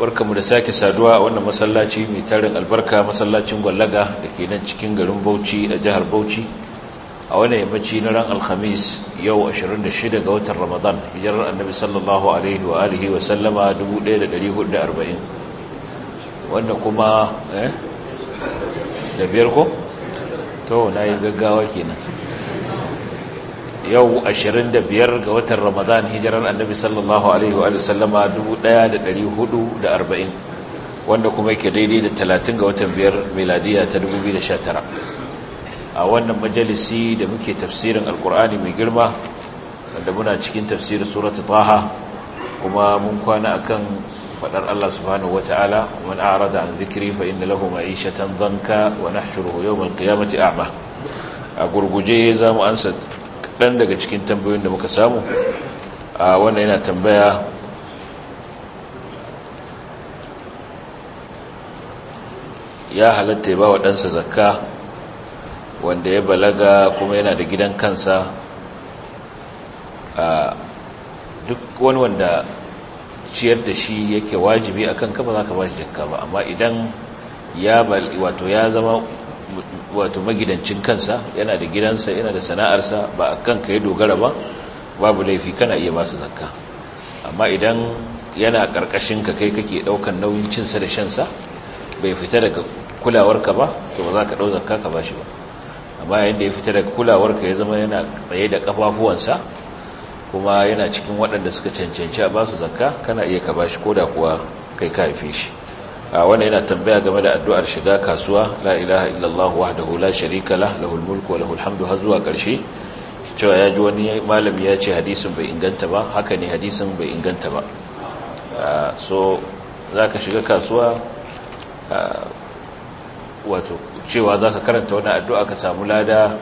barkamu da sake saduwa a wannan masallaci mai tarin albarka masallacin gwallaga da ke nan cikin garin bauchi a jihar bauchi a wani yammaci na ran alhamis yau 26 ga watan ramadan hijirar annabi sallallahu alaihi wa alihi wa sallama 1440 wanda kuma eh da biyar ko to na yi gaggawa kenan yau 25 ga watan ramadan hijiran annabi sallallahu alaihi wa sallama 1440 wanda kuma yake daidai da 30 ga watan biyar miladiya ta 2019 a wannan majalisi da muke tafsirin alkur'ani mai girma wanda muna cikin tafsirin suratu taha kuma mun kwana akan faɗar Allah subhanahu wa ta'ala man arada an zikiri fa inna lahu ma'ishatan dhanka wa nahshuruhu yawm al a'ma a gurguje zamu ansa Dan daga cikin tambayoyin da muka samu a wannan yana tambaya ya halatta ya ba wa ɗansa zakka wanda ya balaga kuma yana da gidan kansa a duk wani wanda ciyar da shi yake wajibi akan kan kama za ka ba shi jinka ba amma idan ya bal wato ya zama wato magidancin kansa yana da gidansa yana da sana'arsa ba a ka ya dogara ba babu laifi kana iya ba su zakka amma idan yana karkashin ka kai kake daukan nauyin cinsa da shansa bai fita daga kulawarka ba to ba za ka dau zakka ka bashi ba amma yayin da ya fita daga kulawarka ya zama yana tsaye da kafafuwansa kuma yana cikin waɗanda suka cancanci a ba su zakka kana iya ka bashi koda kuwa kai ka haife shi wanda yana tambaya game da addu'ar shiga kasuwa la ilaha illallah wahdahu la sharika lah lahul mulku wa lahul hamdu har zuwa karshe cewa ya ji wani malami ya ce hadisin bai inganta ba haka ne hadisin bai inganta ba so zaka shiga kasuwa wato cewa zaka karanta wani addu'a ka samu lada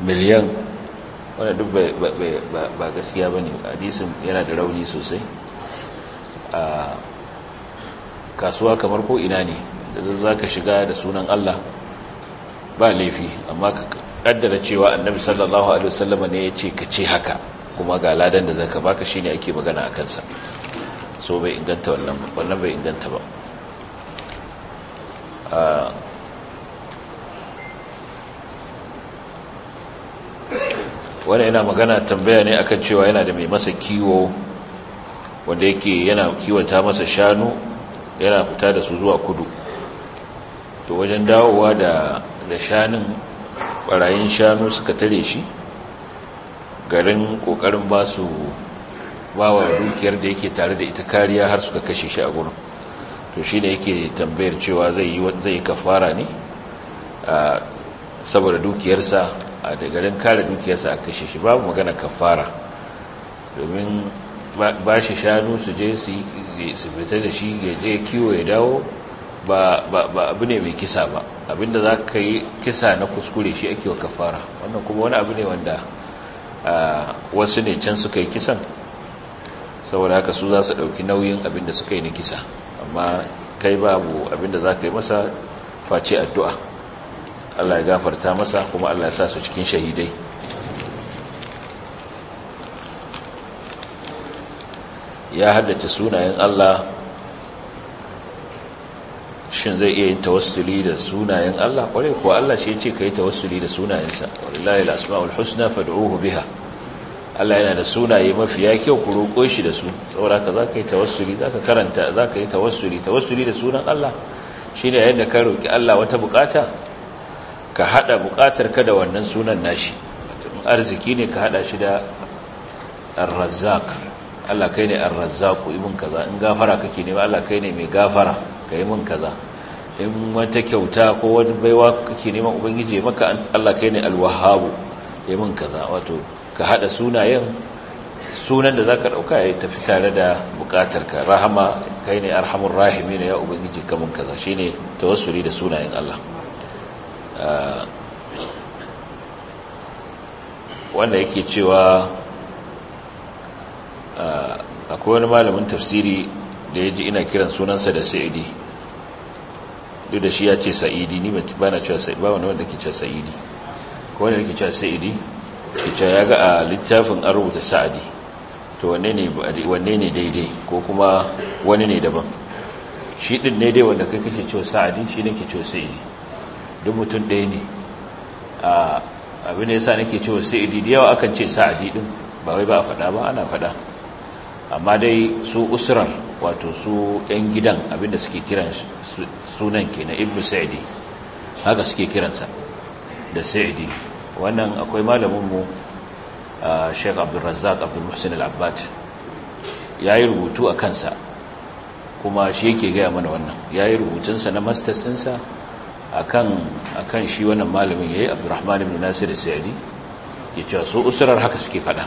miliyan wani duk ba gaskiya bane hadisin yana da rauni sosai kasuwa kamar ko ina ne da za ka shiga da sunan Allah ba laifi amma ka kaddara cewa annabi sallallahu alaihi wasallama ne ya ce ka ce haka kuma ga ladan da zaka baka shine ake magana akan sa so bai inganta wannan wannan bai inganta ba ah, wani yana magana tambaya ne akan cewa yana da mai masa kiwo wanda yake yana kiwata masa shanu yana fita da su zuwa kudu to wajen dawowa da da shanin barayin shanu suka tare shi garin kokarin ba su bawa dukiyar da yake tare da ita kariya har suka kashe shi a gurin to shi da yake tambayar cewa zai yi zai kafara ne saboda dukiyarsa a da garin kare dukiyarsa a kashe shi babu magana kafara domin ba shi shanu su je su yi su fita da shi ya je kiwo ya dawo ba abu ne mai kisa ba abinda za ka yi kisa na kuskure shi ake wa kafara wannan kuma wani abu ne wanda wasu ne can suka yi kisan saboda haka su za su ɗauki nauyin abinda suka yi na kisa amma kai babu abinda za ka yi masa face addu'a Allah ya gafarta masa kuma Allah ya sa su cikin shahidai ya haddace sunayen Allah shin zai iya yin tawassuli da sunayen Allah kwarai kuwa Allah shi ce ka yi tawassuli da sunayensa wallahi al-asma'ul husna fad'uhu biha Allah yana da sunaye mafiya kyau ku roƙo shi da su saboda ka zaka yi tawassuli zaka karanta zaka yi tawassuli tawassuli da sunan Allah shine yayin ka roƙi Allah wata bukata ka hada bukatar ka da wannan sunan nashi arziki ne ka hada shi da ar-razzaq Allah kai ne ar-razzaqu mun kaza in gafara kake ne Allah kai ne mai gafara ka yi mun kaza in wata kyauta ko wani baiwa kake ne neman ubangiji maka Allah kai ne alwahabu wahhab kai mun kaza wato ka hada sunayen sunan da zaka dauka ya tafi tare da ka rahama kai ne arhamur rahimin ya ubangiji ka mun kaza shine tawassuli da sunayen Allah ah, wanda yake cewa akwai wani malamin tafsiri da ya ji ina kiran sunansa da sa'idi duk da shi ya ce sa'idi ni ba na cewa sa'idi ba wani wanda ke cewa sa'idi ko wani ke cewa sa'idi ke cewa ya ga a littafin an rubuta sa'adi to wanne ne daidai ko kuma wani ne daban shi din ne dai wanda kai kace cewa sa'adi shi ke cewa sa'idi duk mutum ɗaya ne abin da sa nake cewa sa'idi da yawa akan ce sa'adi din ba wai ba a faɗa ba ana faɗa amma dai su usrar wato su yan gidan abinda suke kiran sunan kenan ibn sa'idi haka suke kiransa da sa'idi wannan akwai malamin mu Sheikh Abdul Razzaq Abdul Muhsin Al-Abbad yayi rubutu a kansa kuma shi yake gaya mana wannan yayi rubutunsa na masters ɗinsa akan akan shi wannan malamin yayi Abdurrahman ibn Nasir Sa'di ke cewa su usrar haka suke faɗa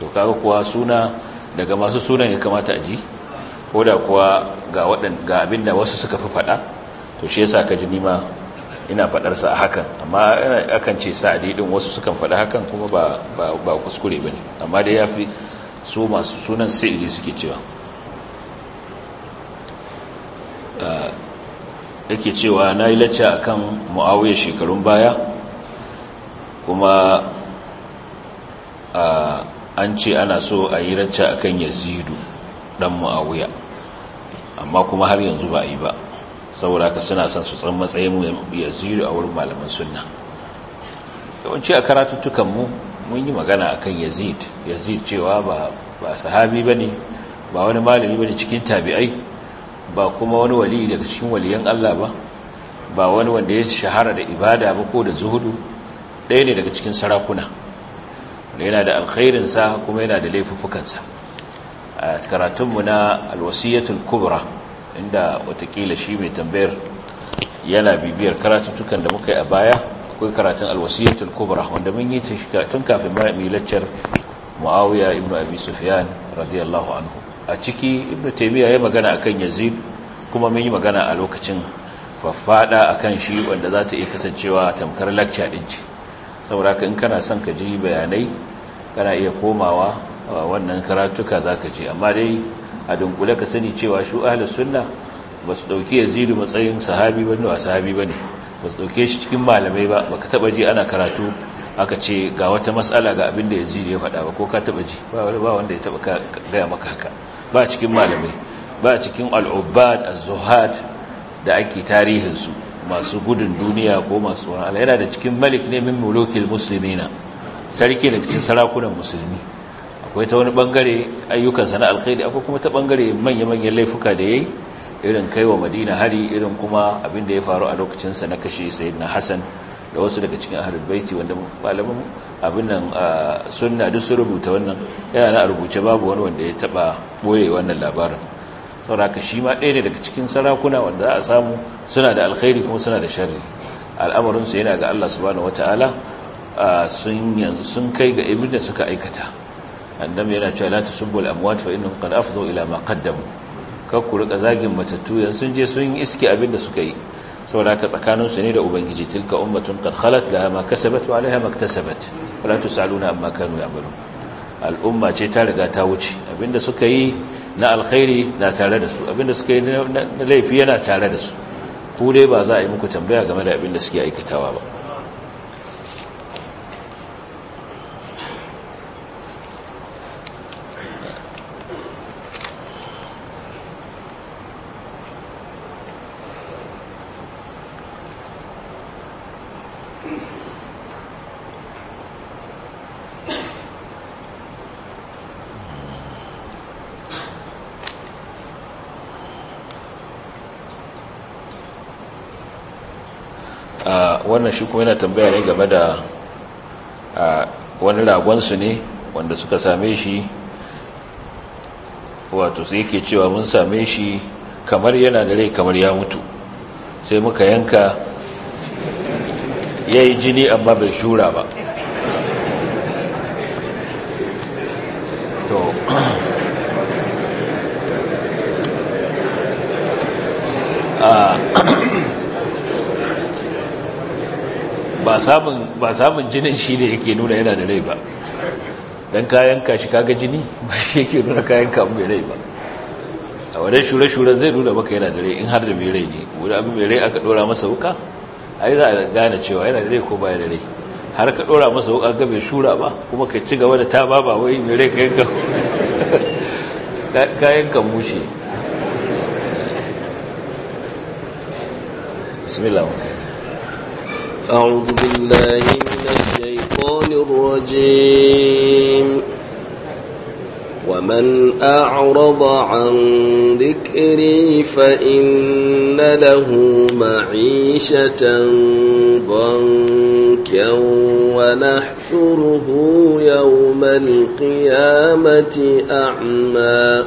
to kaga kuwa suna daga masu sunan ya kamata a ji ko da kuwa ga ga abin da wasu suka fi faɗa to shi yasa ka ji nima ina faɗarsa a hakan amma akan ce sa'adi din wasu sukan faɗa hakan kuma ba ba kuskure bane amma ya fi su masu sunan sa'idi suke cewa ah, yake cewa na yi lacca a kan mu'awiyar shekarun baya kuma a ah, an ce ana so a yi racca kan yazidu dan muawiya amma kuma har yanzu ba a yi ba saboda haka suna san su tsan matsayin yazidu a wurin malaman sunna yawanci a karatuttukan mu mun yi magana akan yazid yazid cewa ba ba sahabi bane ba wani malami bane cikin tabi'ai ba kuma wani wali daga cikin waliyan Allah ba ba wani wanda ya shahara da ibada ba ko da zuhudu ɗaya ne daga cikin sarakuna yana da alkhairinsa kuma yana da laifuffukansa a karatunmu na alwasiyatul kubra inda watakila shi mai tambayar yana bibiyar karatuttukan da muka yi a baya akwai karatun alwasiyatul kubra wanda mun yi tun kafin mai laccar muawiya ibnu abi sufyan radiyallahu anhu a ciki ibnu taymiya ya magana akan yazid kuma mun yi magana a lokacin faffada akan shi wanda za ta iya kasancewa tamkar lacca din sauraka in kana son ka ji bayanai kana iya komawa a wannan karatuka za ka ji amma dai a dunkule ka sani cewa shu ahalar sunna ba su ɗauki yazidu matsayin sahabi ba ne sahabi ba ne ba su dauke shi cikin malamai ba ba ka taɓa ji ana karatu aka ce ga wata matsala ga abin da ya faɗa ba ko ka taɓa ji ba wanda ya taɓa gaya maka haka ba cikin malamai ba cikin al'ubba az-zuhad da ake tarihinsu masu gudun duniya ko masu wani yana da cikin malik ne min mulukil na sarki da cikin sarakunan musulmi akwai ta wani bangare ayyukansa na alkhairi akwai kuma ta bangare manya-manyan laifuka da ya yi irin kai wa madina hari irin kuma abin da ya faru a lokacinsa na kashe na hassan da wasu daga cikin ahlul baiti wanda malamin abin nan sunna duk su rubuta wannan yana na rubuce babu wani wanda ya taba boye wannan labarin sauraka shi ma ɗaya ne daga cikin sarakuna wanda za a samu suna da alkhairi kuma suna da sharri al'amarinsu yana ga Allah subhanahu wata'ala sun yanzu sun kai ga ibin da suka aikata annabi yana cewa la tasubbu al-amwat fa innahum qad afdhu ila ma qaddamu kakku rika zagin matattu yanzu sun je sun yi iski abin da suka yi saboda tsakanin su ne da ubangiji tilka ummatun qad khalat laha ma kasabat wa alaiha maktasabat wala tusaluna amma kanu ya'malun al'umma ce ta riga ta wuce abinda suka yi na alkhairi na tare da su abinda suka yi na laifi yana tare da su ku dai ba za a yi muku tambaya game da abinda suke aikatawa ba shi kuma yana tambaya ne game da wani ragonsu ne wanda suka same shi wato sai yake cewa mun same shi kamar yana da rai kamar ya mutu sai muka yanka ya yi jini amma bai shura ba ba samun jinin shi ne yake nuna yana da rai ba don kayan kashi kaga jini ba shi yake nuna kayan ka mai rai ba a wadai shure-shure zai nuna maka yana da rai in har da mai rai ne wadda abin mai rai aka dora masa wuka a yi za a gane cewa yana da rai ko ba da rai har ka dora masa wuka ga mai shura ba kuma ka ci gaba da ta ba ba wai mai rai kayan kamu shi bismillah أعوذ بالله من الشيطان الرجيم ومن أعرض عن ذكري فإن له معيشة ضنكا ونحشره يوم القيامة أعمى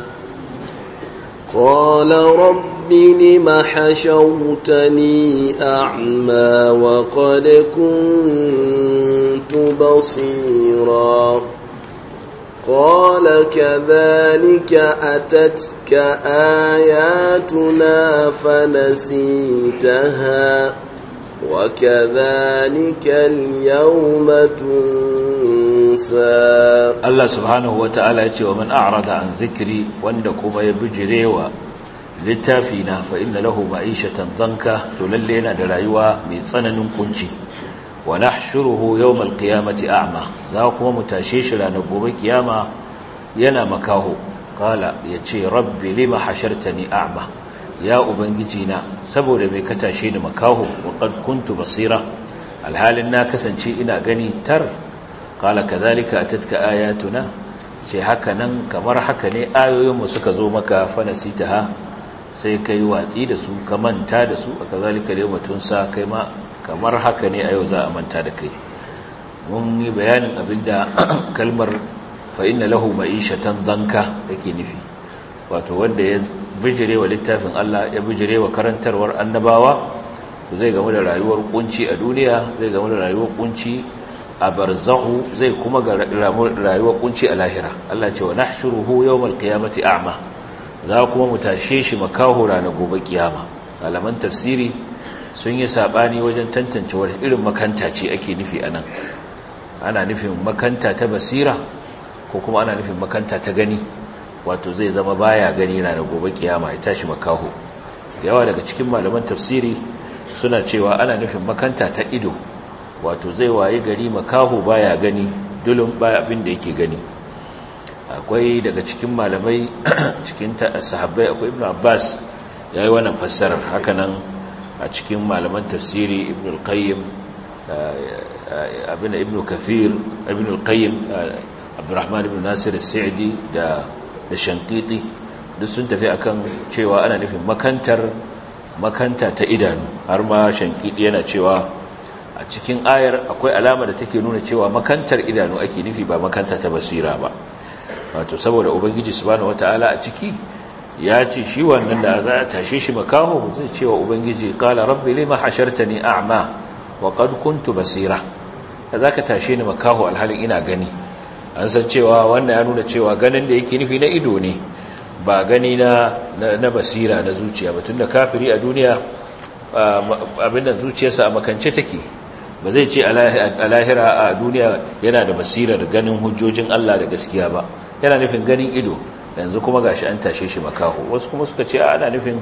قال رب رب لم حشرتني أعمى وقد كنت بصيرا قال كذلك أتتك آياتنا فنسيتها وكذلك اليوم تنسى الله سبحانه وتعالى يقول ومن أعرض عن ذكري وأنكم يبجري Littafina, na fa inna lahu ma'ishatan zanka to lalle yana da rayuwa mai tsananin kunci wa nahshuruhu yawmal qiyamati a'ma za kuma mu tashe shi ranar gobe kiyama yana makaho Ya yace rabbi lima hashartani a'ma ya ubangiji na saboda mai ka tashe ni makaho wa qad kuntu basira alhalin na kasance ina gani tar kala kadhalika atatka ayatuna ce haka nan kamar haka ne ayoyinmu suka zo maka fanasitaha sai ka yi watsi da su ka manta da su a kazalika da mutum sa kai ma kamar haka ne a yau za a manta da kai mun yi bayanin abinda kalmar fa'ina lahu ma'ishatan zanka yake nufi wato wanda ya bijire wa littafin Allah ya bijire wa karantarwar annabawa to zai gamu da rayuwar kunci a duniya zai gamu da rayuwar kunci a barzahu zai kuma ga rayuwar kunci a lahira Allah ce wa nahshuruhu yawmal qiyamati a'ma za kuma mu tashe shi makaho ranar gobe kiyama malaman tafsiri sun yi sabani wajen tantance wani irin makanta ce ake nufi anan ana nufin makanta ta basira ko kuma ana nufin makanta ta gani wato zai zama baya gani ranar gobe kiyama ya tashi makaho yawa daga cikin malaman tafsiri suna cewa ana nufin makanta ta ido wato zai waye gari makaho baya gani dulun baya abin da yake gani akwai daga cikin malamai cikin sahabbai akwai ibn abbas ya yi wannan fassarar hakanan a cikin malaman tafsiri ibn al-qayyim eh, eh, abin ibn kathir ibn al-qayyim eh, abdurrahman ibn nasir al-sa'di da da shankiti duk sun tafi akan cewa ana nufin makantar makanta ta idanu har ma shankiti yana cewa a cikin ayar akwai alama da take nuna cewa makantar idanu ake nufi ba makanta ta basira ba wato saboda ubangiji subhanahu wataala a ciki ya ce shi wannan da za a tashe shi makaho zai cewa ubangiji qala rabbi lima hashartani a'ma wa qad kuntu basira da zaka tashe ni makaho alhalin ina gani an san cewa wannan ya nuna cewa ganin da yake nufi na ido ne ba gani na na basira na zuciya ba tunda kafiri a duniya abin da zuciyarsa a makance take ba zai ce a lahira a duniya yana da basirar ganin hujjojin Allah da gaskiya ba yana nufin ganin ido yanzu kuma gashi an tashe shi makaho wasu kuma suka ce ana nufin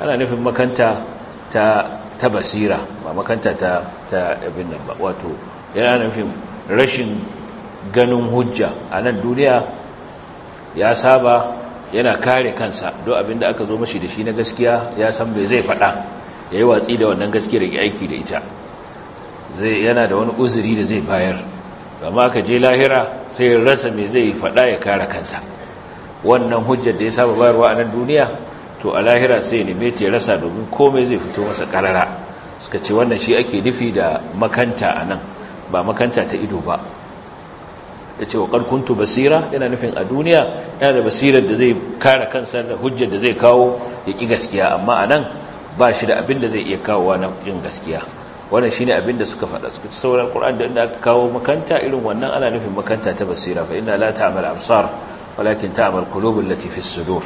ana nufin makanta ta ta basira ba makanta ta ta abin nan ba wato yana nufin rashin ganin hujja a nan duniya ya saba yana kare kansa don abin da aka zo mashi da shi na gaskiya ya san bai zai faɗa ya yi watsi da wannan gaskiya gaskiyar aiki da ita yana da wani uzuri da zai bayar amma ka je lahira sai rasa mai zai faɗa ya kare kansa wannan hujjar da ya saba bayarwa a nan duniya to a lahira sai ya neme ta ya rasa domin komai zai fito masa karara suka ce wannan shi ake nufi da makanta a nan ba makanta ta ido ba da ce wa ƙarkuntu basira yana nufin a duniya yana da basirar da zai kare kansa da hujjar da zai kawo ya ƙi gaskiya amma a nan ba shi da abin da zai iya kawowa na ƙin gaskiya wannan shine abin da suka faɗa suka ci sauran Qur'an da aka kawo makanta irin wannan ana nufin makanta ta basira fa inna la ta'mal absar walakin ta'mal qulubul lati fi sudur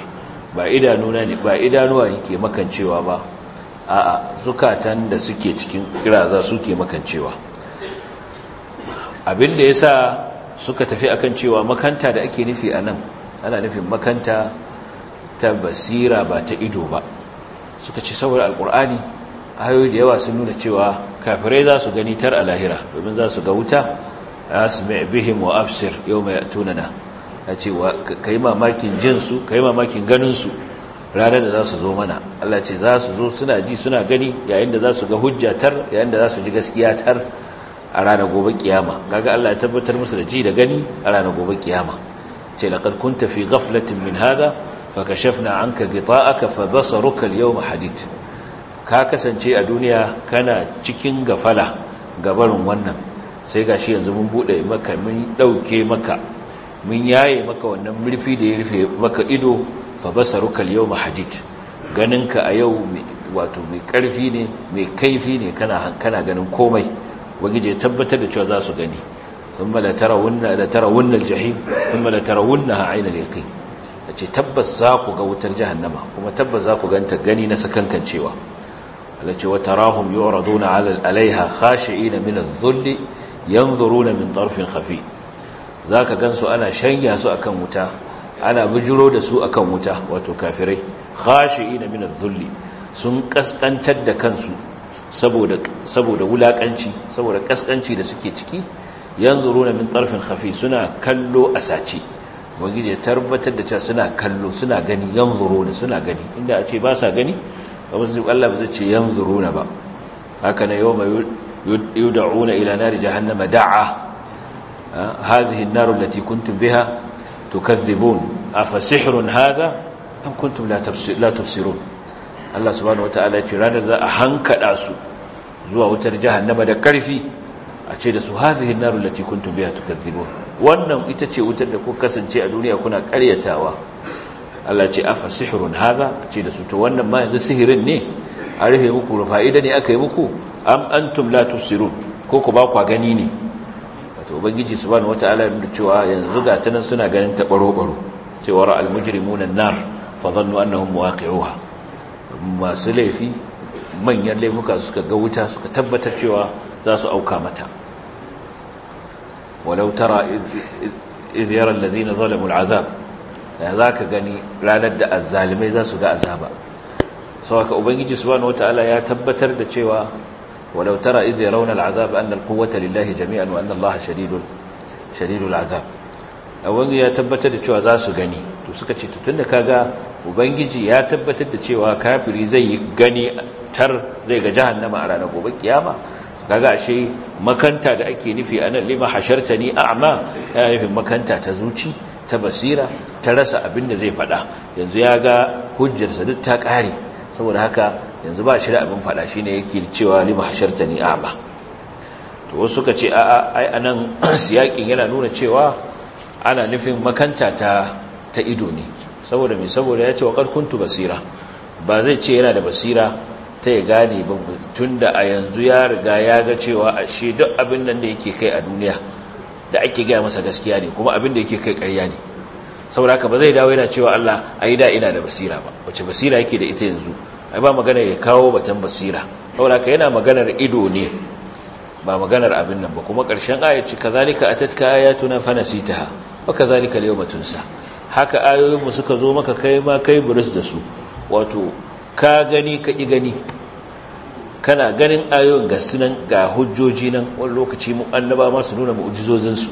ba idanuna ne ba idanuwa yake makancewa ba a'a zukatan da suke cikin kiraza suke makancewa abin da yasa suka tafi akan cewa makanta da ake nufi anan ana nufin makanta ta basira ba ta ido ba suka ci saboda alqur'ani ayoyi da yawa sun nuna cewa kafirai za su gani tar a lahira domin za su ga wuta asmi bihim wa absir yawma yatunana yace kai mamakin jin su mamakin ganin su ranar da za su zo mana Allah ce za su zo suna ji suna gani yayin da za su ga hujja tar yayin da za su ji gaskiya tar a ranar gobe kiyama kaga Allah ya tabbatar musu da ji da gani a ranar gobe kiyama ce laqad kunta fi ghaflatin min hadha fakashafna anka ghita'aka fabasaruka al-yawma hadid ka kasance a duniya kana cikin gafala gabarin wannan sai ga shi yanzu mun buɗe maka mun ɗauke maka mun yaye maka wannan murfi da ya rufe maka ido fa basaruka al ganinka a yau wato mai ƙarfi ne mai kaifi ne kana ganin komai wagije tabbatar da cewa za su gani sun ma da tarawunan jahim sun ma da tarawunan ha'ainar yaƙi da ce tabbas za ku ga wutar jahannama kuma tabbas za ku ganta gani na sakankan cewa التي وتراهم يعرضون على عليها خاشعين من الذل ينظرون من طرف خفي ذاك gansu ana shanya su akan wuta ana bujiro da su akan wuta wato kafirai khashiina min adh sun kaskantar da kansu saboda saboda wulakanci saboda kaskanci da suke ciki yanzuruna min tarfin khafi suna kallo a sace da tabbatar da cewa suna kallo suna gani yanzuruna suna gani inda a ce ba sa gani kamar su Allah ba zai ce yan yanzuruna ba haka ne yawma yud'una ila nari jahannama da'a hadhihi an-nar allati kuntum biha tukadhibun afa sihrun hadha am kuntum la la tubsirun Allah subhanahu wataala ce ranar za a hankada su zuwa wutar jahannama da karfi a ce da su hadhihi an-nar allati kuntum biha tukadhibun wannan ita ce wutar da ku kasance a duniya kuna karyatawa Allah ce afa sihirun haza ce da su to wannan ma yanzu sihirin ne an rufe muku rufa'ida ne aka yi muku am antum la tusirun ko ku ba ku gani ne wato ubangiji subhanahu wataala ya nuna cewa yanzu ga tanan suna ganin ta baro baro cewa ra'al mujrimuna an-nar fa dhannu annahum waqi'uha masu laifi manyan laifuka suka ga wuta suka tabbatar cewa za su auka mata walau tara idh yara alladhina zalamu al da za ka gani ranar da azalimai za su ga azaba sauka ubangiji subhanahu wataala ya tabbatar da cewa walau tara idh yarawna al'azab anna al-quwwata lillahi jami'an wa anna allaha shadidul shadidul azab ubangiji ya tabbatar da cewa za su gani to suka ce da tunda kaga ubangiji ya tabbatar da cewa kafiri zai yi gani tar zai ga jahannama a ranar gobe kiyama kaga ashe makanta da ake nufi anan lima ni a'ma yana nufin makanta ta zuci ta basira ta rasa abin da zai faɗa yanzu ya ga hujjarsa duk ta ƙare saboda haka yanzu ba shi da abin faɗa shi ne yake cewa lima hasharta ni a ba to wasu suka ce a'a ai anan siyakin yana nuna cewa ana nufin makanta ta ta ido ne saboda mai saboda ya ce wa kuntu basira ba zai ce yana da basira ta ya gane ba tunda a yanzu ya riga ya ga cewa ashe duk abin nan da yake kai a duniya da ake gaya masa gaskiya ne kuma abin da yake kai ƙarya ne saboda haka ba zai dawo yana cewa Allah ai da ina da basira ba wace basira yake da ita yanzu ai ba magana ya kawo batan basira saboda haka yana maganar ido ne ba maganar abin nan ba kuma ƙarshen ayati kazalika atatka ayatuna fanasitaha wa kazalika al-yawma tunsa haka ayoyin mu suka zo maka kai ma kai buris da su wato ka gani ka gani kana ganin ayoyin ga sunan ga hujjoji nan wani lokaci mu annaba ma su nuna mu'jizozinsu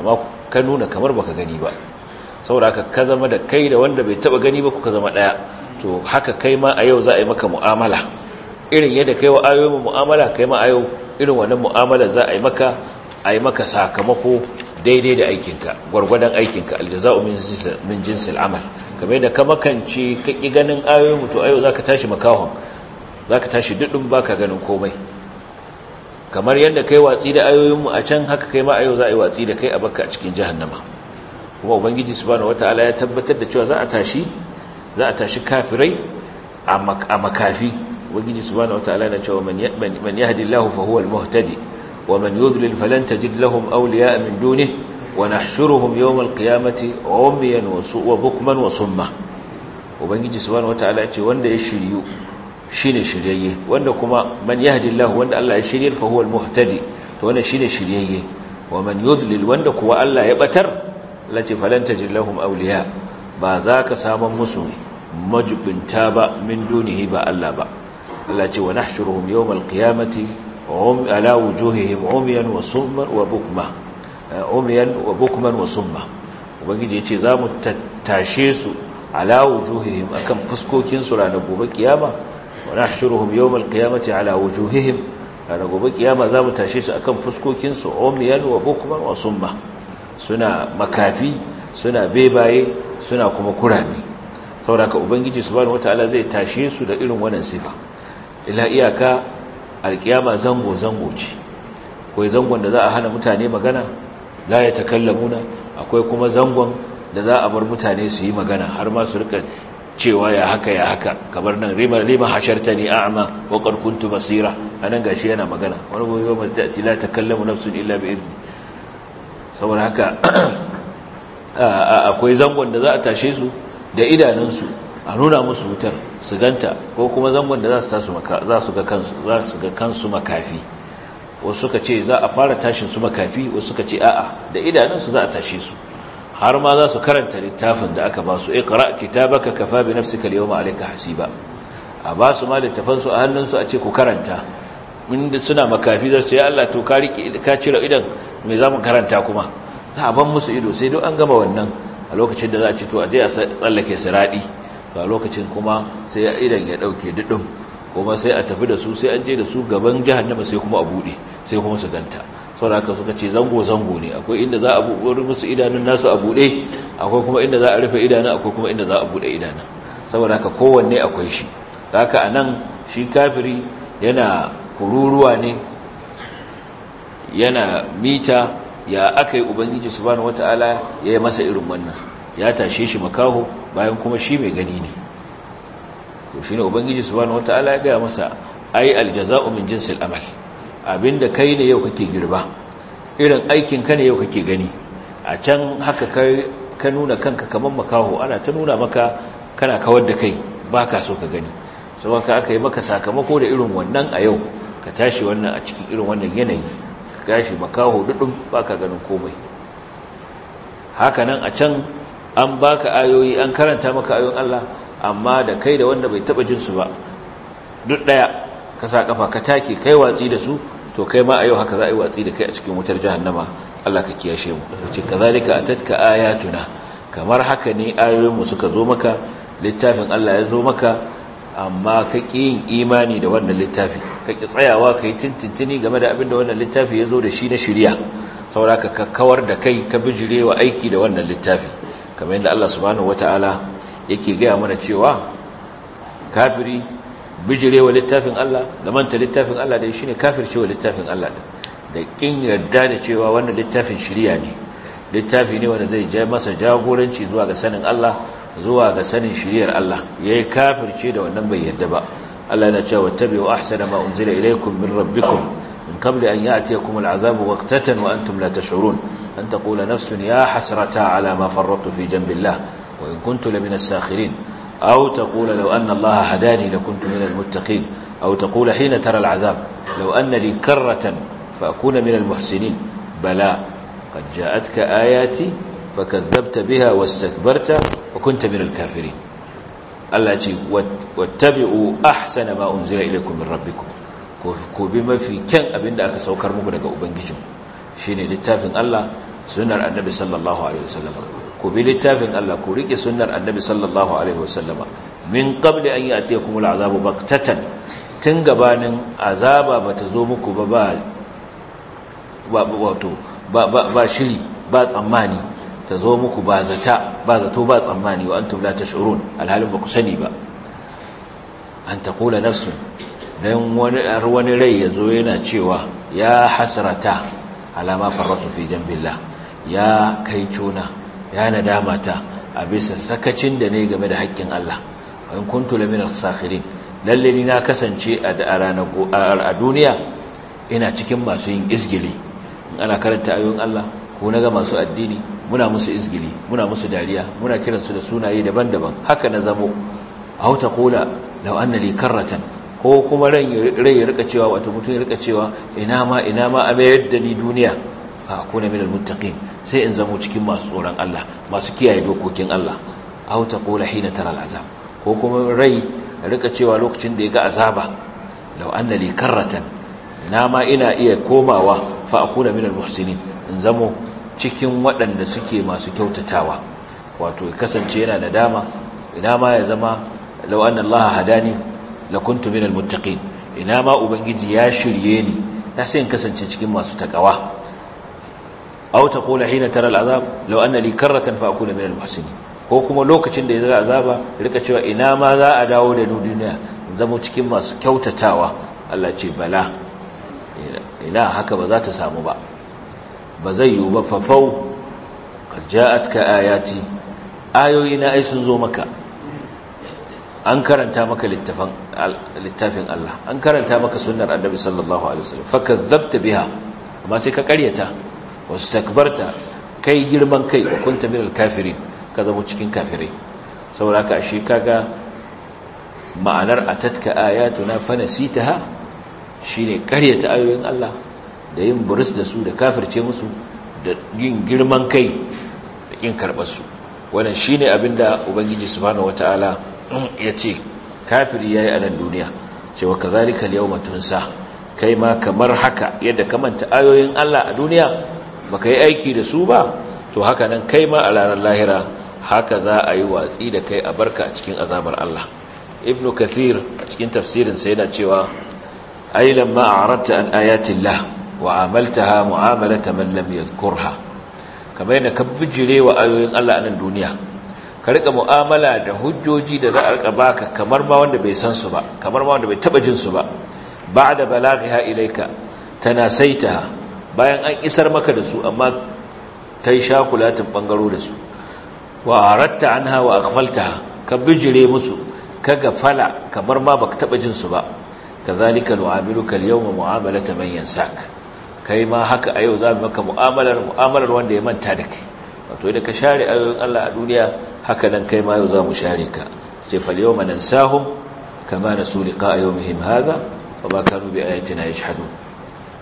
amma ka nuna kamar ba ka gani ba saboda haka ka zama da kai da wanda bai taba gani ba kuka zama daya to haka kai ma a yau za a yi maka mu'amala irin yadda kai wa ayoyin mu'amala kai ma a yau irin wannan mu'amala za a yi maka a yi maka sakamako daidai da aikinka gwargwadon aikinka aljaza'u min jinsil amal kamar da ka makance ka ƙi ganin ayoyin to a yau za ka tashi makahon za ka tashi duɗin ba ka ganin komai kamar yadda kai watsi da ayoyinmu a can haka kai ma ayo za a yi watsi da kai a baka a cikin jahannama kuma ubangiji wata wataala ya tabbatar da cewa za a tashi za a tashi kafirai a makafi ubangiji wata wataala na cewa man yahdillahu fa huwa muhtadi wa man yudlil falan tajid lahum a min duni wa nahshuruhum yawm al-qiyamati umyan wa bukman wa summa ubangiji bane wataala ya ce wanda ya shiryu shine shiryayye wanda kuma man yahdillahu wanda Allah ya shiryar fa huwa almuhtadi to wannan shine shiryayye wa man yudlil wanda kuwa Allah ya batar lati falan tajid lahum awliya ba za ka saman musu majubinta ba min dunihi ba Allah ba Allah ce wa nahshuruhum yawmal qiyamati um ala wujuhihim umyan wa summan wa bukma uh, umyan wa bukman wa summa ubangiji ya ce za mu tattashe su ala wujuhihim akan fuskokin su ranar gobe kiyama wa nahshuruhum yawmal qiyamati ala wujuhihim ranar gobe kiyama za mu tashe su akan fuskokinsu omiyan wa bukman wa summa suna makafi suna bebaye suna kuma kurami sauraka ubangiji subhanahu wataala zai tashe su da irin wannan sifa ila iyaka alƙiyama, zango zango ce akwai zangon da za a hana mutane magana la ya takallamuna akwai kuma zangon da za a bar mutane su yi magana har ma su rika cewa ya haka ya haka kamar nan rima hasharta hashartani a'ma wa qad kuntu basira anan gashi yana magana wani gobe ba ta la takallamu nafsun illa bi idni saboda haka akwai zangon da za a tashe su da idanunsu a nuna musu wutar su ganta ko kuma zangon da za su tasu maka za su ga kansu za su ga kansu makafi wasu suka ce za a fara tashin su makafi wasu suka ce a'a da idanunsu za a tashe su har ma za su karanta littafin da aka ba su iqra kitabaka kafa bi nafsika al-yawma alayka hasiba a ba su ma littafin su a hannun su a ce ku karanta inda suna makafi za su ya Allah to ka rike ka cire idan me za mu karanta kuma za a ban musu ido sai duk an gama wannan a lokacin da za a ce to a je a tsallake siradi a lokacin kuma sai idan ya dauke dudum kuma sai a tafi da su sai an je da su gaban jahannama sai kuma a bude sai kuma su ganta sauraka suka ce zango-zango ne akwai inda za a buɗe musu idanun nasu a buɗe akwai kuma inda za a rufe idanun akwai kuma inda za a buɗe idanun saboda haka kowanne akwai shi haka a nan shi kafiri yana kururuwa ne yana mita ya aka yi ubangiji subhanahu wata'ala ya yi masa irin wannan ya tashe shi makaho bayan kuma shi mai gani ne to shi ne ubangiji su subhanahu wata'ala ya gaya masa ai aljaza'u min jinsil amal Abin da kai ne yau kake girba irin aikin ka ne yau kake gani a can haka ka nuna kanka kamar makaho ana ta nuna maka kana kawar da kai ba ka so ka gani sau ka aka yi maka sakamako da irin wannan a yau ka tashi wannan a cikin irin wannan yanayi ka gashi makaho dudun ba ka ganin komai haka nan a can an baka ayoyi an karanta maka ayoyin Allah amma da kai da wanda bai taɓa jinsu ba duk ɗaya ka sa ƙafa ka take kai watsi da su to kai ma a yau haka za a yi watsi da kai a cikin wutar jahannama Allah ka kiyashe mu ce kazalika atatka ayatuna kamar haka ne ayoyin mu suka zo maka littafin Allah ya zo maka amma ka ƙi yin imani da wannan littafi ka ki tsayawa ka yi tintintini game da abin da wannan littafi ya zo da shi na shirya saboda ka kawar da kai ka bijirewa aiki da wannan littafi kamar yadda Allah subhanahu wata'ala yake gaya mana cewa kafiri bijirewa littafin Allah da manta littafin Allah da shine kafircewa littafin Allah da kin yarda da cewa wannan littafin shiriya ne littafi ne wanda zai ja masa jagoranci zuwa ga sanin Allah zuwa ga sanin shiriyar Allah yayi kafirce da wannan bai yarda ba Allah yana cewa tabi'u ahsana ma unzila ilaykum min rabbikum min qabli an ya'tiyakum al'adhabu waqtatan wa antum la tash'urun an taqula nafsun ya hasrata ala ma fi janbi Allah wa in kuntu lamina as-sakhirin أو تقول لو أن الله هداني لكنت من المتقين أو تقول حين ترى العذاب لو أن لي كرة فأكون من المحسنين بلى قد جاءتك آياتي فكذبت بها واستكبرت وكنت من الكافرين التي واتبعوا أحسن ما أنزل إليكم من ربكم ku bi mafi kyan abin da aka saukar muku daga ubangijinku shine littafin Allah sunar annabi sallallahu alaihi wasallam ku bi littafin Allah ku riƙe sunnar annabi sallallahu alaihi wasallama min qabli an ya'tiyakum al'azabu baghtatan tun gabanin azaba bata zo muku ba ba wato ba ba shiri ba tsammani ta zo muku ba zata ba zato ba tsammani wa antum la tash'urun alhalin ba ku sani ba an taqula nafsun dan wani wani rai yazo yana cewa ya hasrata alama farratu fi jambillah ya kai cuna ya nadama ta a bisa sakacin da ne game da haƙƙin Allah in kuntu lamin al-sakhirin lalle ni na kasance a duniya ina cikin masu yin izgili in ana karanta ayoyin Allah ko naga masu addini muna musu izgili muna musu dariya muna kiransu da sunaye daban-daban haka na zamo aw taqula law anna li karratan ko kuma ran rai ya rika cewa wato mutum ya rika cewa ina ma ina ma a mayar da ni duniya a kuna min al-muttaqin sai in zamo cikin masu tsoron Allah masu kiyaye dokokin Allah aw qula hina tara al'azab ko kuma rai rika cewa lokacin da ya ga azaba law anna li karratan na ma ina iya komawa fa akuna minal muhsinin in zamo cikin waɗanda suke masu kyautatawa wato kasance yana da dama ina ma ya zama law anna Allah hadani lakuntu minal muttaqin ina ma ubangiji ya shirye ni na sai in kasance cikin masu takawa aw taqula hina tara al'azab law anna li karratan fa akuna min al-muhsinin ko kuma lokacin da ya ga azaba rika cewa ina ma za a dawo da duniya zamo cikin masu kyautatawa Allah ce bala ina haka ba za ta samu ba ba zai yiwu ba fafau kad ja'atka ayati ayoyi na ai sun zo maka an karanta maka littafin Allah an karanta maka sunnar annabi sallallahu alaihi wasallam fakadzabta biha amma sai ka karyata wastakbarta kai girman kai wa kunta min kafirin ka zama cikin kafirai saboda ka ashe kaga ma'anar atatka ayatuna fanasitaha shine karyata ayoyin Allah da yin buris da su da kafirce musu da yin girman kai da kin karbar su wannan shine abinda ubangiji subhanahu wataala yace kafiri yayi a nan duniya cewa kazalika al-yawma tunsa kai ma kamar haka yadda kamanta ayoyin Allah a duniya baka yi aiki da su ba to haka nan kai ma a ranar lahira haka za a yi watsi da kai a barka a cikin azabar Allah ibn kathir a cikin tafsirin sa yana cewa ay ma a'radta an ayati Allah wa amaltaha mu'amalata man lam yadhkurha kamar yana ka bijire wa ayoyin Allah a nan duniya ka rika mu'amala da hujjoji da za a rika baka kamar ma wanda bai san su ba kamar ma wanda bai taba jin su ba ba'da balaghiha ilayka tanasaitaha bayan an isar maka da su amma kai shakulatin ɓangaro da su wa an hawa a kafalta ka bijire musu ka gafala kamar ma baka taba jin su ba kadhalika nu'amiluka al mu'amala ta manyan sak. kai ma haka a yau za mu maka mu'amalar mu'amalar wanda ya manta da kai wato da ka share ayoyin Allah a duniya haka nan kai ma yau za mu share ka ce fal yawma nansahum kama nasu liqa yawmihim hadha wa ma kanu bi ayatina yajhadun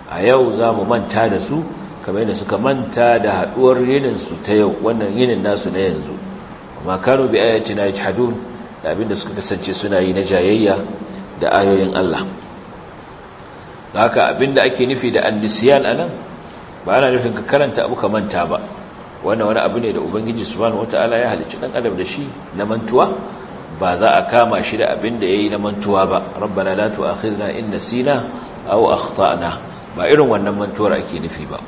a yau za mu manta da su kamar yadda suka manta da haɗuwar yininsu ta yau wannan yinin nasu na yanzu amma kano bi ayyaci na yajhadun da abinda suka kasance suna yi na jayayya da ayoyin Allah haka abinda ake nufi da annisiyan anan ba ana nufin ka karanta abu ka manta ba wannan wani abu ne da ubangiji subhanahu wataala ya halicci dan adam da shi na mantuwa ba za a kama shi da abin da yayi na mantuwa ba rabbana la tu'akhidna in nasina aw akhtana ba irin wannan mantuwar ake nufi ba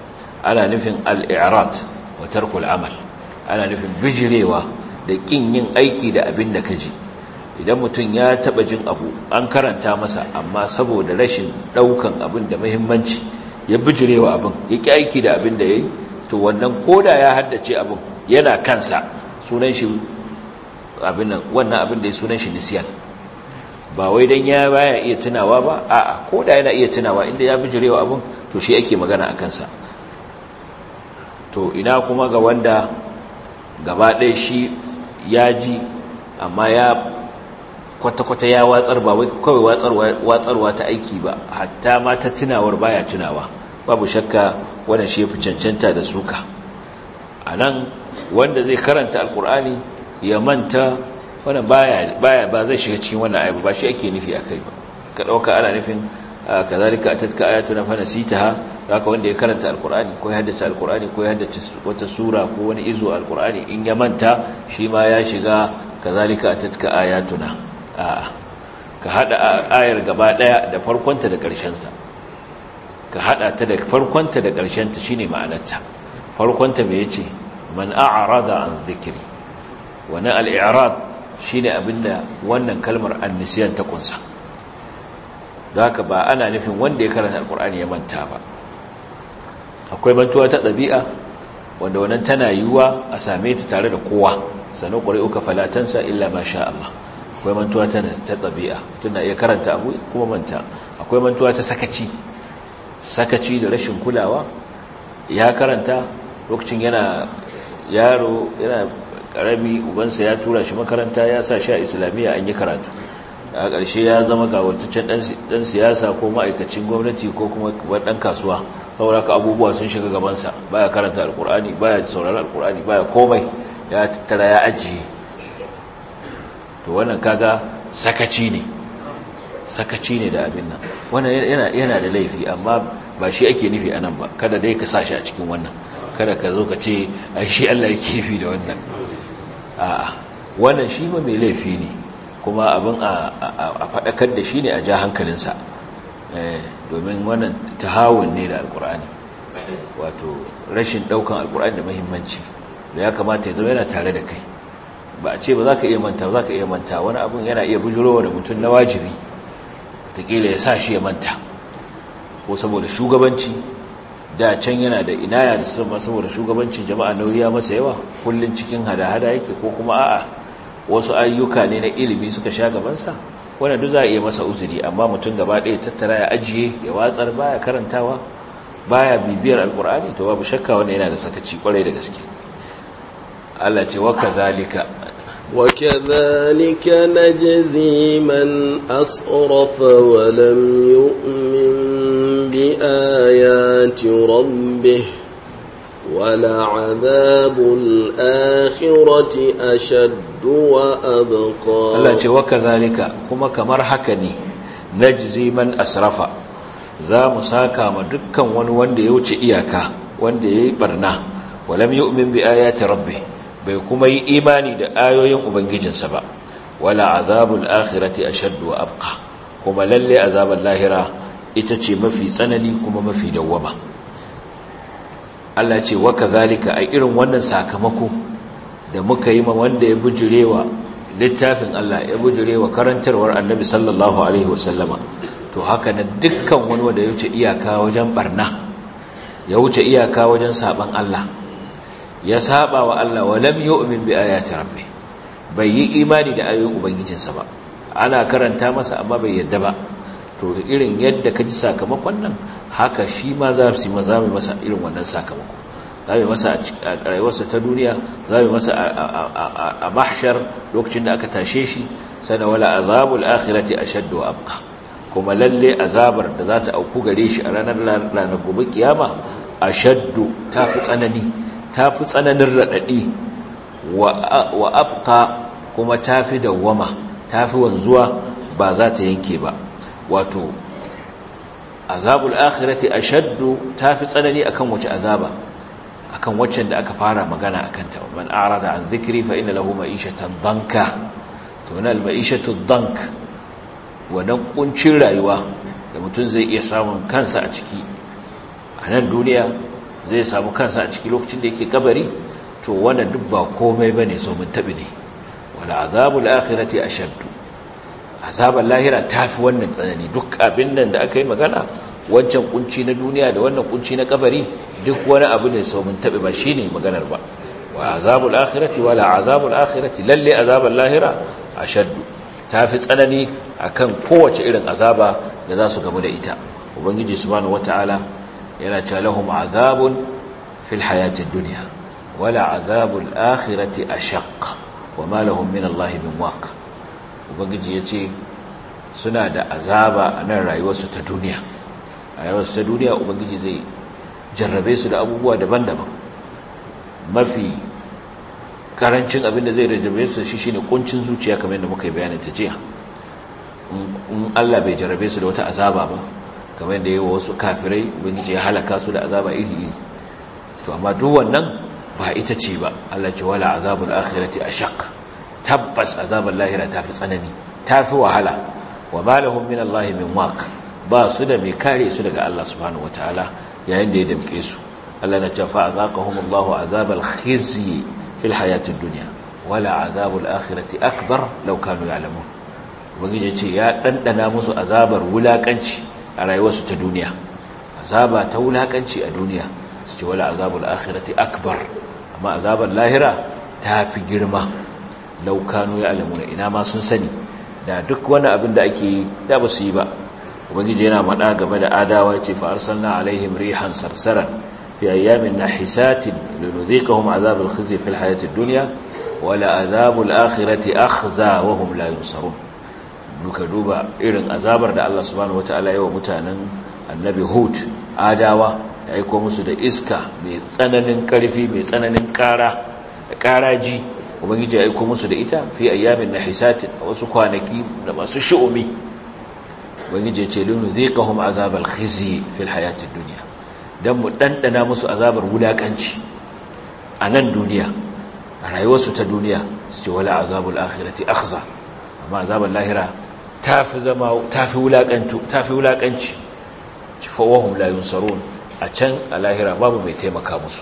ana nufin al wa tarkul amal ana nufin bijirewa da ƙin yin aiki da abin da ka ji. idan mutum ya taɓa jin abu an karanta masa amma saboda rashin ɗaukan abin da muhimmanci ya bijirewa abin ya ƙi aiki da abin da ya yi, to wannan da ya haddace abin yana kansa sunan shi abin wannan abin da ya sunan shi nisiyar ba wai dan ya baya iya tunawa ba a'a ko da yana iya tunawa inda ya bijirewa abun to shi ake magana a kansa to ina kuma ga wanda gaba ɗaya shi ya ji amma ya kwata-kwata ya watsar ba kawai watsarwa ta aiki ba hatta ma ta tunawar baya tunawa babu shakka wannan shi fi cancanta da suka a nan wanda zai karanta alkur'ani ya manta wannan baya ba zai shiga cikin wannan ayaba ba shi ake nufi a kai ba ka dauka ana nufin a fana sita ha fanasitaha ka wanda ya karanta alkur'ani ko ya haddace alkur'ani ko ya haddace wata sura ko wani izo alkur'ani in ya manta shi ma ya shiga a tattaka ayatu a'a ka hada ayar gaba ɗaya da farkonta da sa. ka hada ta da farkonta da karshenta shine ma'anarta farkonta me yace man a'rada an zikiri. wa na al-i'rad Shi shine da wannan kalmar annisiyan ta kunsa da haka ba ana nufin wanda ya karanta alkur'ani ya manta ba akwai mantuwa ta ɗabi'a wanda wannan tana yiwuwa a same ta tare da kowa sannan ƙwarai uka falatansa illa ma sha Allah akwai mantuwa ta ɗabi'a tana iya karanta abu kuma manta akwai mantuwa ta sakaci sakaci da rashin kulawa ya karanta lokacin yana yaro yana karami ubansa ya tura shi makaranta ya sa shi a islamiyya an yi karatu a ƙarshe ya zama gawartaccen ɗan siyasa ko ma'aikacin gwamnati ko kuma ɗan kasuwa saboda ka abubuwa sun shiga gabansa baya karanta alkur'ani baya sauraron alkur'ani baya komai ya tattara ya ajiye to wannan kaga sakaci ne sakaci ne da abin nan wannan yana da laifi amma ba shi ake nufi anan ba kada dai ka sa shi a cikin wannan kada ka zo ka ce ai shi Allah yake nufi da wannan a'a wannan shi ma mai laifi ne kuma abin a faɗakar da shi ne a ja hankalinsa eh, domin wannan ta tahawun ne da alkur'ani wato rashin ɗaukan alkur'ani da mahimmanci da ya kamata ya zama yana tare da kai ba a ce ba za ka iya manta za ka iya manta wani abin yana iya bujurowa da mutum na wajibi taƙila ya sa shi ya manta ko saboda shugabanci da can yana da inaya da sun saboda shugabancin jama'a nauyi masa yawa kullum cikin hada-hada yake ko kuma a'a wasu ayyuka ne na ilimi suka sha gabansa wanda duk za a iya masa uzuri amma mutum gaba ɗaya tattara ya ajiye ya watsar baya karantawa baya bibiyar alkur'ani to babu shakka wanda yana da sakaci kwarai da gaske Allah ce wa kadhalika وكذلك man من أصرف ولم يؤمن بآيات ربه ولعذاب الآخرة أشد وأبقى الله جي وكذلك كما كمر حكني نجزي من أسرف ذا مساكا مدكا ونوان يوجي إياكا وان دي برنا ولم يؤمن بآيات ربه بيكما إيماني دا آيو يوم أبنجي سبا ولا عذاب الآخرة أشد وأبقى كما للي عذاب اللاهرة ita ce mafi tsanani kuma mafi dawwama Allah ce wa kazalika a irin wannan sakamako da muka yi ma wanda ya bujurewa littafin Allah ya bujurewa karantarwar Annabi sallallahu alaihi wasallama to haka na dukkan wani wanda ya wuce iyaka wajen barna ya wuce iyaka wajen saban Allah ya saba wa Allah wa lam yu'min bi ayati rabbi bai yi imani da ayoyin ubangijinsa ba ana karanta masa amma bai yadda ba to irin yadda ka ji sakamakon nan haka shi ma za su yi maza mai masa irin wannan sakamako za mu masa a rayuwarsa ta duniya za mu masa a mahshar lokacin da aka tashe shi sana wala azabul akhirati ashaddu wa abqa kuma lalle azabar da za ta auku gare shi a ranar ranar gobe kiyama ashaddu ta fi tsanani ta fi tsananin radadi wa abqa kuma ta fi dawwama ta fi wanzuwa ba za ta yanke ba wato azabul akhirati ashaddu tafi tsanani akan wace azaba akan waccan da aka fara magana akan ta man arada an zikri fa inna lahu ma'ishatan danka to na al-ma'ishatu dank wannan kuncin rayuwa da mutum zai iya samun kansa a ciki a nan duniya zai samu kansa a ciki lokacin da yake kabari to wannan duk ba komai bane so mun tabi ne wala azabul akhirati ashaddu azabar lahira ta fi wannan tsanani duk abin nan da aka yi magana wancan kunci na duniya da wannan kunci na kabari duk wani abu da sau mun taɓa ba shi ne maganar ba wa azabul akhirati wala azabul akhirati lalle azabar lahira a shaddu ta fi tsanani kan kowace irin azaba da za su gamu da ita ubangiji subhanahu wataala yana cewa lahum azabun fil hayatin duniya wala azabul akhirati ashaq wa ma lahum min allahi ubangiji ya ce suna da azaba a nan rayuwarsu ta duniya a rayuwarsu ta duniya ubangiji zai jarrabe su da abubuwa daban-daban mafi karancin abin da zai jarrabe su shi shine kuncin zuciya kamar yadda muka yi bayanin ta jiya in Allah bai jarrabe su da wata azaba ba kamar yadda yawa wasu kafirai ubangiji ya halaka su da azaba iri-iri to amma duk wannan ba ita ce ba Allah ce wala azabul akhirati ashaq tabbas azabar lahira ta fi tsanani ta fi wahala wa malahun min Allah min waq ba su da mai kare su daga Allah subhanahu wataala yayin da ya damke su Allah na ce fa azaqahum Allah azabal khizyi fil hayatid dunya wala azabul akhirati akbar law kanu ya'lamun ce ya dandana musu azabar wulakanci a rayuwarsu ta duniya azaba ta wulakanci a duniya su ce wala azabul akhirati akbar amma azabar lahira ta fi girma Laukano ya alamuna ina ma sun sani da duk wani abin da ake yi da ba su yi ba ubangiji yana maɗa game da adawa ce fa arsalna alaihim rihan sarsaran fi ayyamin nahisatin linudhiqahum azabul khizi fil hayati dunya wala azabul akhirati akhza wa hum la yunsarun duka duba irin azabar da Allah subhanahu wataala ya wa mutanen annabi hud adawa ya aika musu da iska mai tsananin karfi mai tsananin kara karaji ubangiji ya aiko musu da ita fi ayyamin nahisatin a wasu kwanaki da masu shi'umi ubangiji ya ce linu dhiqahum azabal khizi fil hayatid dunya dan mu dandana musu azabar wulakanci a nan duniya a rayuwarsu ta duniya su ce wala azabul akhirati akhza amma azabar lahira tafi zama tafi wulakanci tafi wulakanci fa wahum la yunsarun a can a lahira babu mai taimaka musu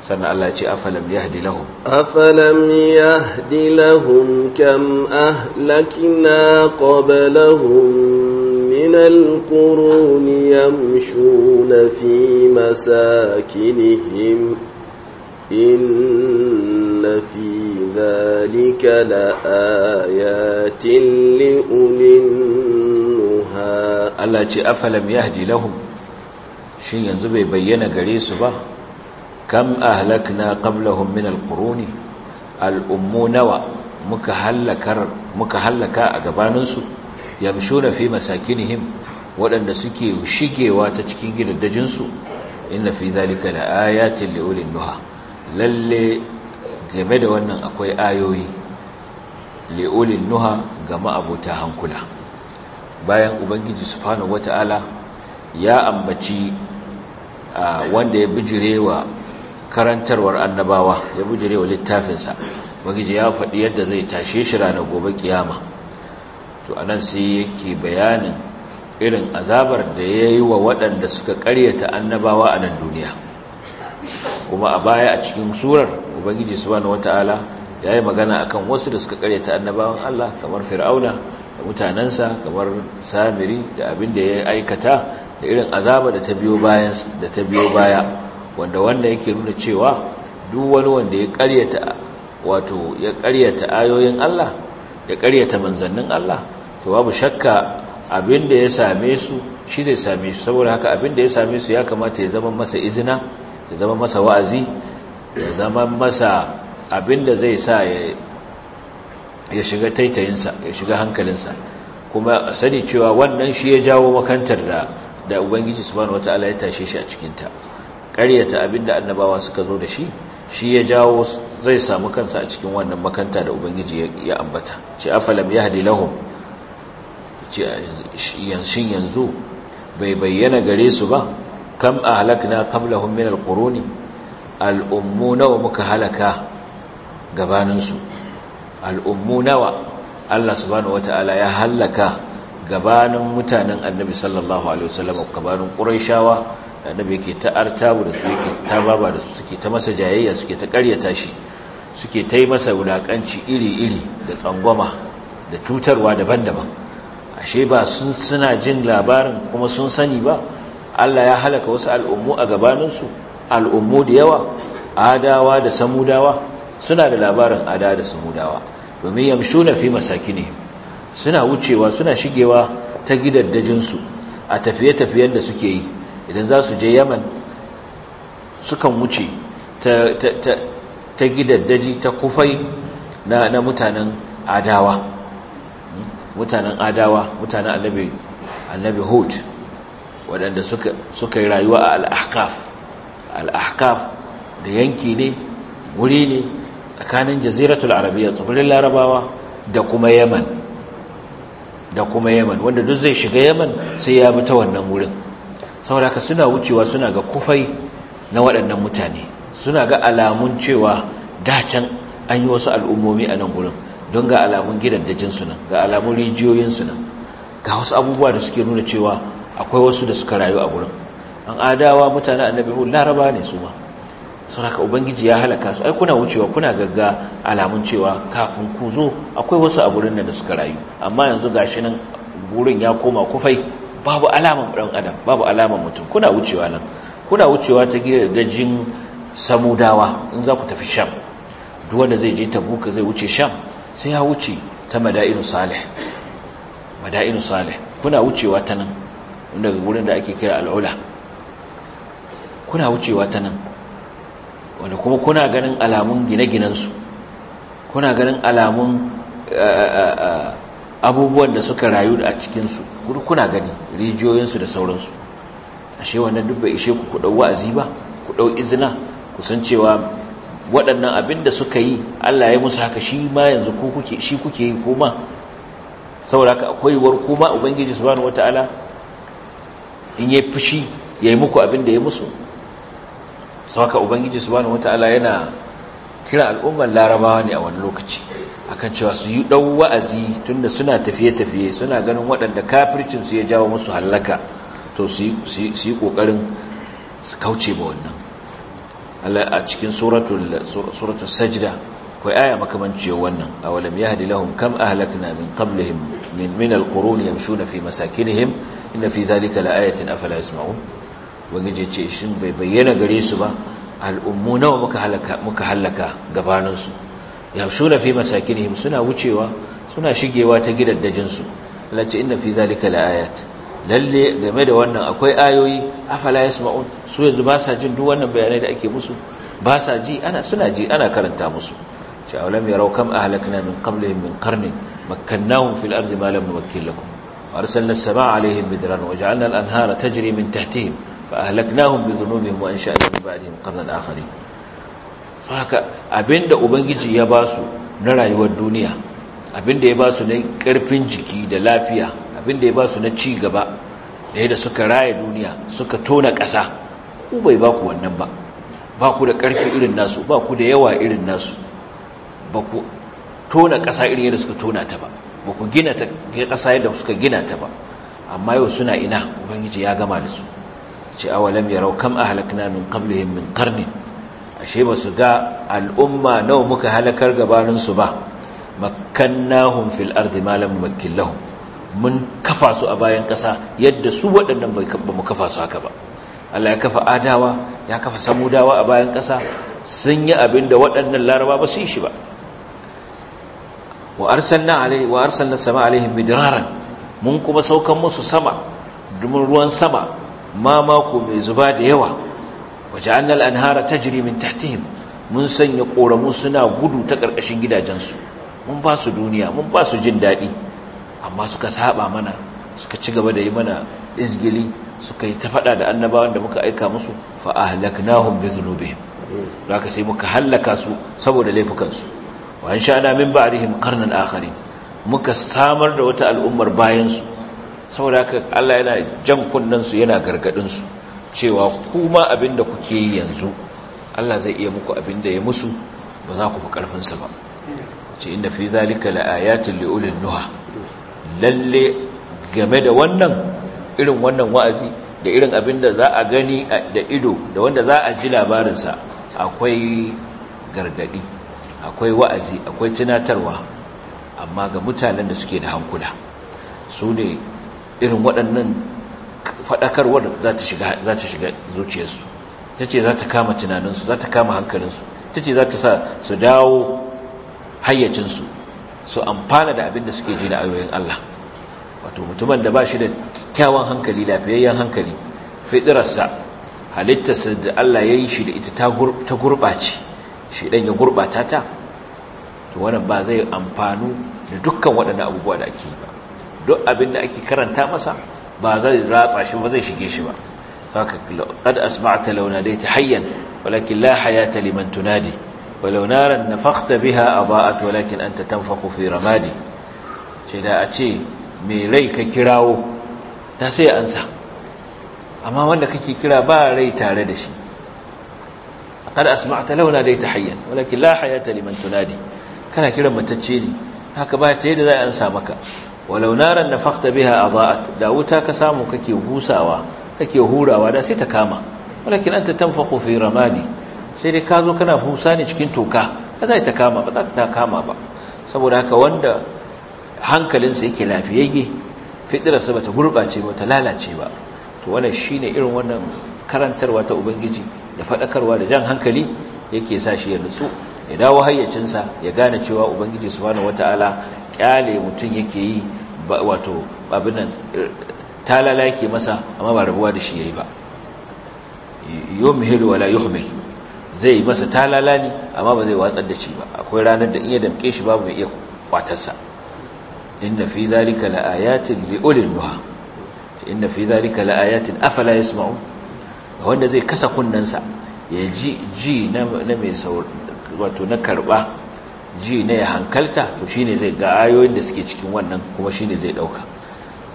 sannan Allah ce afalam yahdi lahum afalam yahdi lahum kam ahlakna qablahum min alqurun yamshuna fi masakinihim inna fi dhalika laayatin liulinnuha Allah ce afalam yahdi lahum shin yanzu bai bayyana gare su ba kam ahlakna qablahum min alquruni al'ummu nawa muka halakar muka halaka a gabaninsu yamshuna fi masakinihim waɗanda suke shigewa ta cikin gidaddajinsu inna fi zalika la ayatin li ulil nuha lalle game da wannan akwai ayoyi li nuha ga ma'abota hankula bayan ubangiji subhanahu wata'ala ya ambaci wanda ya bijirewa karantarwar annabawa ya bujire wa littafinsa magiji ya faɗi yadda zai tashe shi ranar gobe kiyama to a nan sai yake bayanin irin azabar da ya yi wa waɗanda suka ƙaryata annabawa a nan duniya kuma a baya a cikin surar ubangiji subhanahu wata'ala ya yi magana a kan wasu da suka ƙaryata annabawan Allah kamar fir'auna da mutanensa kamar samiri da abin da ya aikata da irin azaba da ta biyo baya wanda wanda yake nuna cewa duk wani wanda ya ƙaryata wato ya ƙaryata ayoyin Allah ya ƙaryata manzannin Allah to babu shakka abin ya same su shi zai same su saboda haka abin da ya same su ya kamata ya zama masa izina ya zama masa wa'azi ya zama masa abin zai sa ya shiga taitayinsa ya shiga hankalinsa kuma sani cewa wannan shi ya jawo makantar da da ubangiji subhanahu wataala ya tashe shi a cikinta ƙaryata abinda annabawa suka zo da shi shi ya jawo zai samu kansa a cikin wannan makanta da ubangiji ya ambata ce afalam yahdi lahum ce shin yanzu bai bayyana gare su ba kam ahlakna qablahum min alquruni al'ummu nawa muka halaka gabaninsu al'ummu nawa Allah subhanahu wata'ala ya halaka gabanin mutanen annabi sallallahu alaihi wasallam gabanin quraishawa annabi yake ta artabu da su yake ta baba da su suke ta masa jayayya suke ta karyata shi suke ta yi masa wulakanci iri-iri da tsangwama da cutarwa daban-daban ashe ba sun suna jin labarin kuma sun sani ba Allah ya halaka wasu al'ummu a gabaninsu al'ummu da yawa adawa da samudawa suna da labarin ada da samudawa domin yamshuna fi ne, suna wucewa suna shigewa ta gidaddajinsu a tafiye-tafiyen da suke yi idan za su je yaman sukan wuce ta gidaddaji ta kufai na mutanen adawa mutanen adawa mutanen annabi annabi hud waɗanda suka yi rayuwa a al'ahkaf al'ahkaf da yanki ne wuri ne tsakanin jaziratul arabiya tsibirin larabawa da kuma yaman da kuma yaman wanda duk zai shiga yaman sai ya bi ta wannan wurin saboda haka suna wucewa suna ga kufai na waɗannan mutane suna ga alamun cewa dacan an yi wasu al'ummomi a nan gurin don ga alamun jinsu nan ga alamun rijiyoyinsu nan ga wasu abubuwa da suke nuna cewa akwai wasu da suka rayu a gurin an adawa mutane annabi hu laraba ne su ma sauraka ubangiji ya halaka su ai kuna wucewa kuna gagga alamun cewa kafin ku zo akwai wasu a gurin da suka rayu amma yanzu gashi nan gurin ya koma kufai babu alaman ɗan adam babu alaman mutum kuna wucewa nan kuna wucewa ta jin samudawa in za ku tafi sham duk wanda zai je tabuka zai wuce sham sai ya wuce ta mada'inu salih mada'inu salih kuna wucewa ta nan daga wurin da ake kira al'ula kuna wucewa ta nan wanda kuma kuna ganin alamun gine-ginensu kuna ganin alamun eh, eh, eh, abubuwan da suka rayu a cikinsu kuna gani rijiyoyinsu da sauransu ashe shewa duk dubba ishe ku kudau ɗau wa'azi ba ku ɗau izina Kusan cewa waɗannan abin da suka yi Allah ya musu haka shi ma yanzu shi kuke yi kuma saboda haka akwai war kuma ubangiji su bani wataala in yayi fushi yi muku abin da ya musu saboda ubangiji su bani wataala yana kira al'ummar larabawa ne a wani lokaci akan cewa su yi ɗau wa'azi tunda suna tafiye-tafiye suna ganin waɗanda kafircinsu ya jawo musu hallaka to su yi ƙoƙarin su kauce ba wannan a cikin suratun sajida kwai aya makamanciyar wannan a walam ya hadi lahun kam na min qablihim min min alquruni yamshuna fi masakinihim inna fi dhalika laayatin afala wani wangije ce shi bai bayyana gare su ba al'ummu nawa muka halaka gabaninsu. yamshuna fi masakinihim suna wucewa suna shigewa ta gidan dajinsu, Allah ce inna fi zalika laayat lalle game da wannan akwai ayoyi afala yasma'un su yanzu ba sa jin duk wannan bayanai da ake musu ba sa ji ana suna ji ana karanta musu ce awalam yarau kam ahlakna min qablihim min qarnin makkannahum fil ardi ma lam numakkin lakum arsalna as-samaa'a 'alayhim midran wa al-anhara tajri min tahtihim fa ahlaknahum bi dhunubihim wa ansha'na min ba'dihim qarnan akharin haka abinda ubangiji ya ba su na rayuwar duniya abinda ya ba su na karfin jiki da lafiya abinda ya ba su na ci gaba da yadda suka raya duniya suka tona ƙasa ku bai ba ku wannan ba ba ku da ƙarfi irin nasu ba ku da yawa irin nasu ba ku tona ƙasa irin yadda suka tona ta ba ba ku gina ta ƙasa yadda suka gina ta ba amma yau suna ina ubangiji ya gama da su ce awalam yarau kam ahlakna min qablihim min qarnin ashe ba su ga al'umma nawa muka halakar gabaninsu ba makannahum fil ardi ma lam makkillahum mun kafa su a bayan ƙasa yadda su waɗannan bai mu kafa su haka ba Allah ya kafa adawa ya kafa samudawa a bayan ƙasa sun yi abin da waɗannan laraba ba su yi shi ba wa arsalna sama alaihim midraran mun kuma saukan musu sama dumin ruwan sama ma mako mai zuba da yawa waja'alna anhara tajri min tahtihim mun sanya koramu suna gudu ta karkashin gidajensu mun ba su duniya mun ba su jin daɗi amma suka saba mana suka ci gaba da yi mana izgili suka yi ta faɗa da annabawan da muka aika musu fa ahlaknahum bi dhunubihim haka sai muka hallaka su saboda laifukansu wa ansha'na min ba'dihim qarnan akharin muka samar da wata al'ummar bayan su saboda haka Allah yana jan kunnen su yana gargadin su cewa kuma abin da kuke yi yanzu Allah zai iya muku abin da ya musu ba za ku fi ƙarfinsa ba ce inda fi zalika la'ayatin li'ulin nuha lalle game da wannan irin wannan wa'azi da irin abin da za a gani da ido da wanda za a ji labarinsa akwai gargadi akwai wa'azi akwai tunatarwa amma ga mutanen da suke da hankula su ne irin waɗannan faɗakarwar za ta shiga zuciyarsu ta ce za ta kama tunaninsu za ta kama hankalinsu ta ce za ta sa su dawo hayyacinsu su amfana da abin da suke ji na ayoyin Allah wato mutumin da ba shi da kyawun hankali lafiyayyen hankali fitirarsa halittarsa da Allah ya yi shi da ita ta gurɓace shi ɗan ya gurɓata ta to wannan ba zai amfanu da dukkan waɗannan abubuwa da ake yi ba duk abin da ake karanta masa ba zai ratsa shi ba zai shige shi ba haka qad asma'ta launa dai tahayyan walakin la hayata liman tunadi walau naran nafakhta biha aba'at walakin anta tanfakhu fi ramadi ce da a ce me rai ka kirawo ta sai ansa amma wanda kake kira ba rai tare da shi qad asma'ta launa dai tahayyan walakin la hayata liman tunadi kana kiran matacce ne haka ba ta yadda zai ansa maka walau naran nafakta biha adaat da wuta ka samu kake gusawa kake hurawa da sai ta kama walakin anta tanfakhu fi ramadi sai dai ka zo kana husa ne cikin toka ba za ta kama ba za ta kama ba saboda haka wanda hankalinsa yake lafiyayye fitirarsa ba bata gurɓace ba ta lalace ba to wannan shine irin wannan karantarwa ta ubangiji da faɗakarwa da jan hankali yake sa shi ya nutsu ya dawo hayyacinsa ya gane cewa ubangiji subhanahu wataala kyale mutum yake yi wato abin nan talala yake masa amma ba rabuwa da shi yayi ba yumhil wala yuhmil zai yi masa talala ne amma ba zai watsar da shi ba akwai ranar da in iya damke shi babu mai iya kwatarsa inna fi dhalika laayatin liulil duha inna fi dhalika laayatin afala ga wanda zai kasa kunnansa ya ji ji na mai wato na karba ji ne ya hankalta to shi ne zai ga ayoyin da suke cikin wannan kuma shi ne zai ɗauka.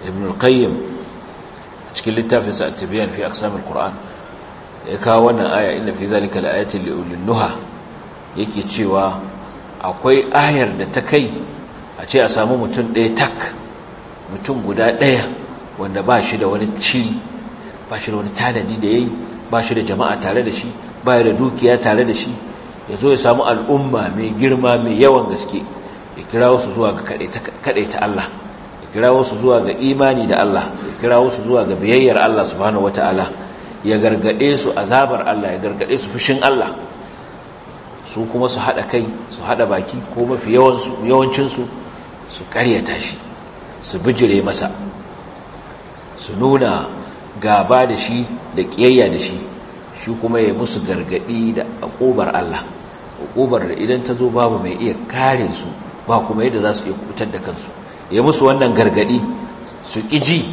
ibn al-qayyim a cikin littafinsa at-tibyan fi aqsam al-qur'an ya kawo wannan aya inna fi zalika laayatin ulil nuha yake cewa akwai ayar da ta kai a ce a samu mutum ɗaya tak mutum guda ɗaya wanda ba shi da wani ciri ba shi da wani tanadi da yayi ba shi da jama'a tare da shi ba da dukiya tare da shi ya zo ya samu al'umma mai girma mai yawan gaske ya kira wasu zuwa ga ta Allah ya kira wasu zuwa ga imani da Allah ya kira wasu zuwa ga biyayyar Allah subhanahu wataala ya gargade su azabar Allah ya gargaɗe su fushin Allah su kuma su haɗa kai su haɗa baki ko mafi yawancinsu su karyata shi su bijire masa su nuna gaba da shi da ƙiyayya da shi shi kuma ya musu gargaɗi da ƙobar Allah ƙobar da idan ta zo babu mai iya kare su ba kuma yadda za su iya kubutar da kansu ya musu wannan gargaɗi, su ƙiji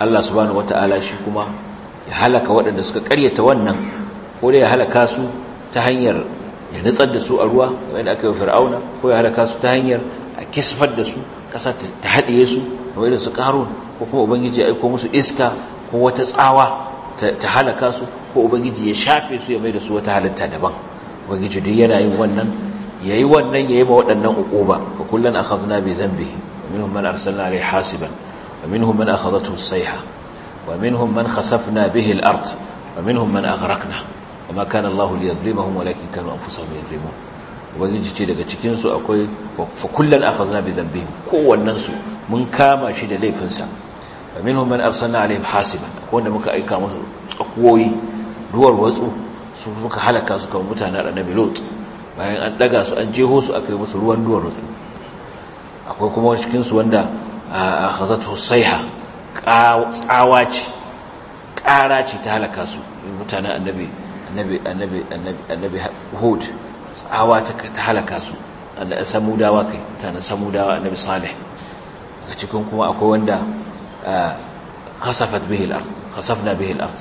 Allah subhanahu wata'ala shi kuma ya halaka waɗanda suka ƙaryata wannan ko da ya halaka su ta hanyar ya nutsar da su a ruwa wanda aka yi fir'auna ko ya halaka su ta hanyar a kisfar da su ƙasa ta haɗiye su kamar su ƙaro ko kuma ubangiji ya aiko musu iska ko wata tsawa ta halaka su ko ubangiji ya shafe su ya mai da su wata halitta daban ubangiji duk yana yin wannan ya yi wannan ya yi ma waɗannan uquba fa kullun akhadna bi dhanbihi minhum man arsalna alayhi hasiban wa minhum man a as-sayha wa minhum man khasafna bihi al-ard wa minhum man aghraqna wa ma kana Allah liyadhlimahum walakin kanu anfusahum yadhlimun ubangiji ce daga cikinsu su akwai fa kullum kullun akhadna bi zan kowannen su mun kama shi da laifinsa wa minhum man arsalna alayhi hasiban wanda muka aika musu tsakuwoyi ruwar watsu su muka halaka su kan mutane da nabi lot bayan an daga su an jeho su aka yi musu ruwan ruwar watsu akwai kuma cikinsu wanda a khazatu sayha tsawa ce ƙara ce ta halaka su mutanen annabi annabi annabi annabi hud tsawa ta halaka su annabi samudawa kai mutanen samudawa annabi salih a cikin kuma akwai wanda khasafat bihi al-ard khasafna bihi al-ard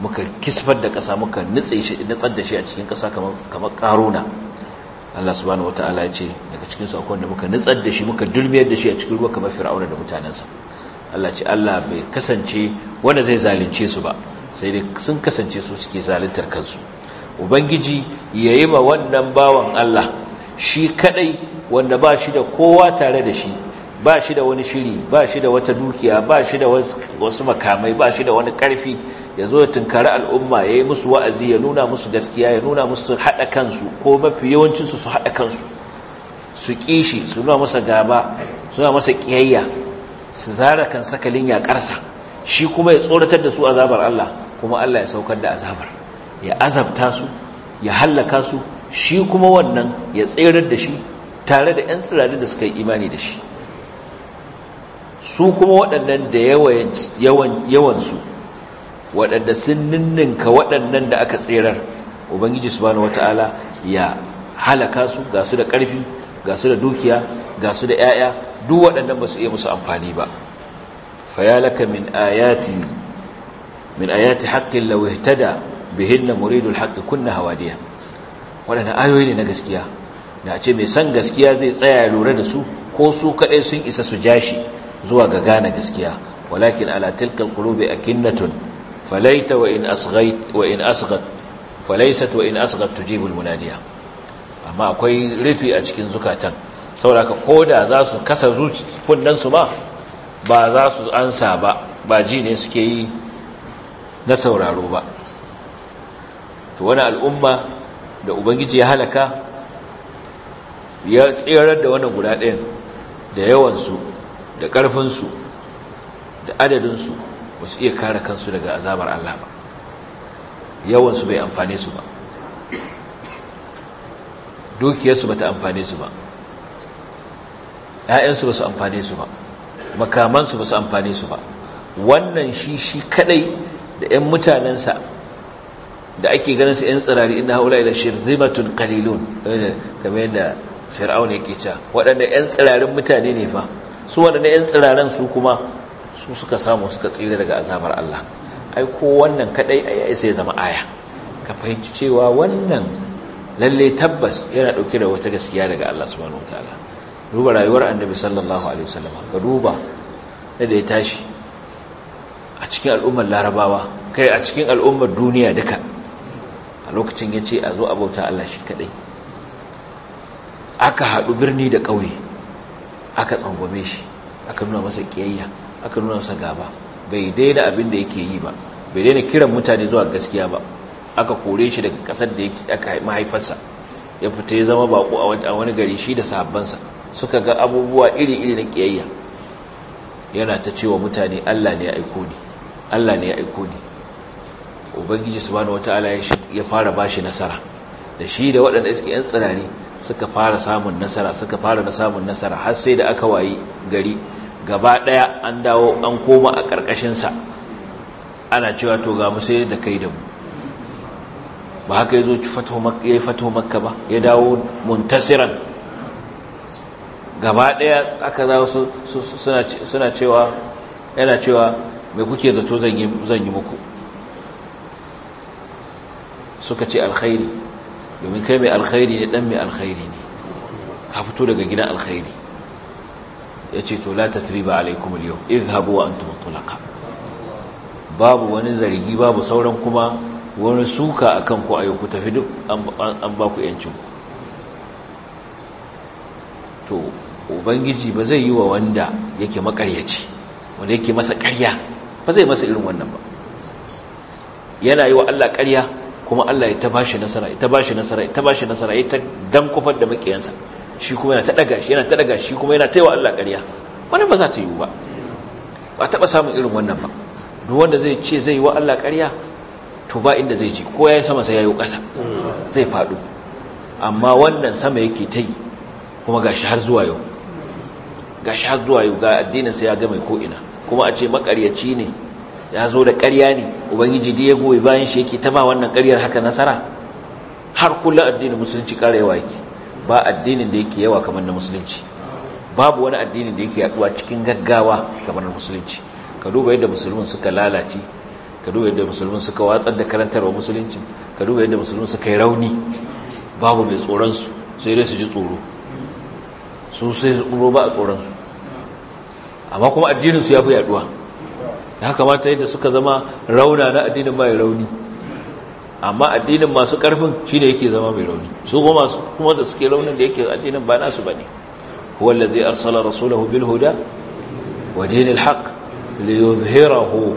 muka kisfar da ƙasa muka nitse shi nutsar da shi a cikin ƙasa kamar kamar karuna Allah subhanahu wataala ya ce daga cikin su akwai wanda muka nutsar da shi muka dulmiyar da shi a cikin ruwa kamar fir'auna da mutanansa Allah ce Allah bai kasance wanda zai zalunce su ba sai dai sun kasance su suke zaluntar kansu ubangiji yayi ma wannan bawan Allah shi kadai wanda ba shi da kowa tare da shi ba shi da wani shiri ba shi da wata dukiya ba shi da wasu makamai ba shi da wani karfi ya zo ya tunkari al'umma ya yi musu wa'azi ya nuna musu gaskiya ya nuna musu haɗa kansu ko mafi yawancinsu su haɗa kansu su kishi su nuna masa gaba su nuna masa ƙiyayya su zara kan sakalin yaƙarsa shi kuma ya tsoratar da su azabar Allah kuma Allah ya saukar da azabar ya azabta su ya hallaka su shi kuma wannan ya tsirar da shi tare da 'yan tsirarin da suka yi imani da shi su kuma waɗannan da yawansu waɗanda sun ninninka waɗannan da aka tserar ubangiji subhanahu wata'ala ya halaka su ga su da ƙarfi ga su da dukiya ga su da 'ya'ya duk waɗannan ba su iya musu amfani ba fayalaka min ayati min ayati da bihinna muridul haƙƙi kunna hawadiya waɗanda ayoyi ne na gaskiya Na ce mai san gaskiya zai tsaya lura da su ko su kaɗai sun isa su jashi zuwa ga gane gaskiya walakin ala tilka a kinnatun falaita wa in wa in wa in amma akwai rufi a cikin zukatan saboda da za su kasa zuci kunnan su ma ba za su ansa ba ba ji ne suke yi na sauraro ba to wani al'umma da ubangiji ya halaka ya tserar da wannan guda ɗayan da yawansu da ƙarfinsu da adadinsu ba su iya kare kansu daga azabar Allah ba yawansu bai amfane su ba dukiyarsu ba ta amfane su ba ‘ya'yansu ba su amfane su ba makamansu ba su amfane su ba wannan shi shi kadai da ‘yan mutanensa da ake ganin su ‘yan tsirari ina haula ila shirzimatun kalilun game da ya yake ca waɗanda ‘yan tsirarin mutane ne fa su waɗanda 'yan tsiraren su kuma su suka samu suka tsira daga azabar Allah ai ko wannan kadai ai sai zama aya ka fahimci cewa wannan lalle tabbas yana dauke da wata gaskiya daga Allah subhanahu wataala duba rayuwar annabi sallallahu alaihi wasallam ka duba da ya tashi a cikin al'ummar larabawa kai a cikin al'ummar duniya duka a lokacin yace a zo abauta Allah shi kadai aka haɗu birni da ƙauye aka tsangwame shi aka nuna masa kiyayya aka nuna masa gaba bai daina abin da yake yi ba bai daina kiran mutane zuwa gaskiya ba aka kore shi daga kasar da yake aka mahaifarsa ya fita ya zama bako a wani gari shi da sahabbansa suka ga abubuwa iri-iri na kiyayya yana ta cewa mutane Allah ne ya aiko ni Allah ne ya aiko ni ubangiji subhanahu wataala ya fara bashi nasara da shi da waɗanda suke yan tsirari suka fara samun nasara suka fara da samun nasara har sai da aka wayi gari gaba daya an dawo an koma a karkashin sa ana cewa to ga mu sai da kai da mu ba haka yazo fato makka ya fato makka ba ya dawo muntasiran gaba daya aka su suna suna cewa yana cewa mai kuke zato zan yi muku suka ce alkhairi domin kai mai alkhairi ne dan mai alkhairi ne ka fito daga gidan alkhairi ya ce to la tatriba alaikum al-yau izhabu wa antum tulaqa babu wani zargi babu sauran kuma wani suka akan ku ayo ku tafi duk an ba ku yancin to ubangiji ba zai yi wa wanda yake makaryaci wanda yake masa karya ba zai masa irin wannan ba yana yi wa Allah karya kuma Allah ya ta bashi nasara ya ta bashi nasara ya ta bashi nasara ya ta dan kufar da makiyansa shi kuma yana ta daga shi yana ta daga shi kuma yana taiwa Allah ƙarya wannan ba za ta yiwu ba ba taɓa samun irin wannan ba duk wanda zai ce zai yi wa Allah ƙarya to ba inda zai ji ko yi sama sai yayi ƙasa zai faɗo amma wannan sama yake ta yi kuma gashi har zuwa yau gashi har zuwa yau ga addinin sai ya ga mai ko ina kuma a ce maƙaryaci ne ya zo da ƙarya ne ubangiji da ya goyi bayan shi yake ta ba wannan ƙaryar haka nasara har kullum addinin musulunci ƙara yawa yake ba addinin da yake yawa kamar na musulunci babu wani addinin da yake yaduwa cikin gaggawa kamar na musulunci ka duba yadda musulmin suka lalace ka duba yadda musulmin suka watsar da karantarwa musulunci ka duba yadda musulmin suka yi rauni babu mai tsoron su sai dai su ji tsoro su sai tsoro ba a tsoron su amma kuma addinin su ya fi yaduwa ya kamata yadda suka zama rauna na addinin mai rauni amma addinin masu karfin shine yake zama mai rauni su kuma masu kuma da suke raunin da yake addinin ba nasu ba ne. allazi arsala rasulahu bil huda wa dinil haqq liyuzhirahu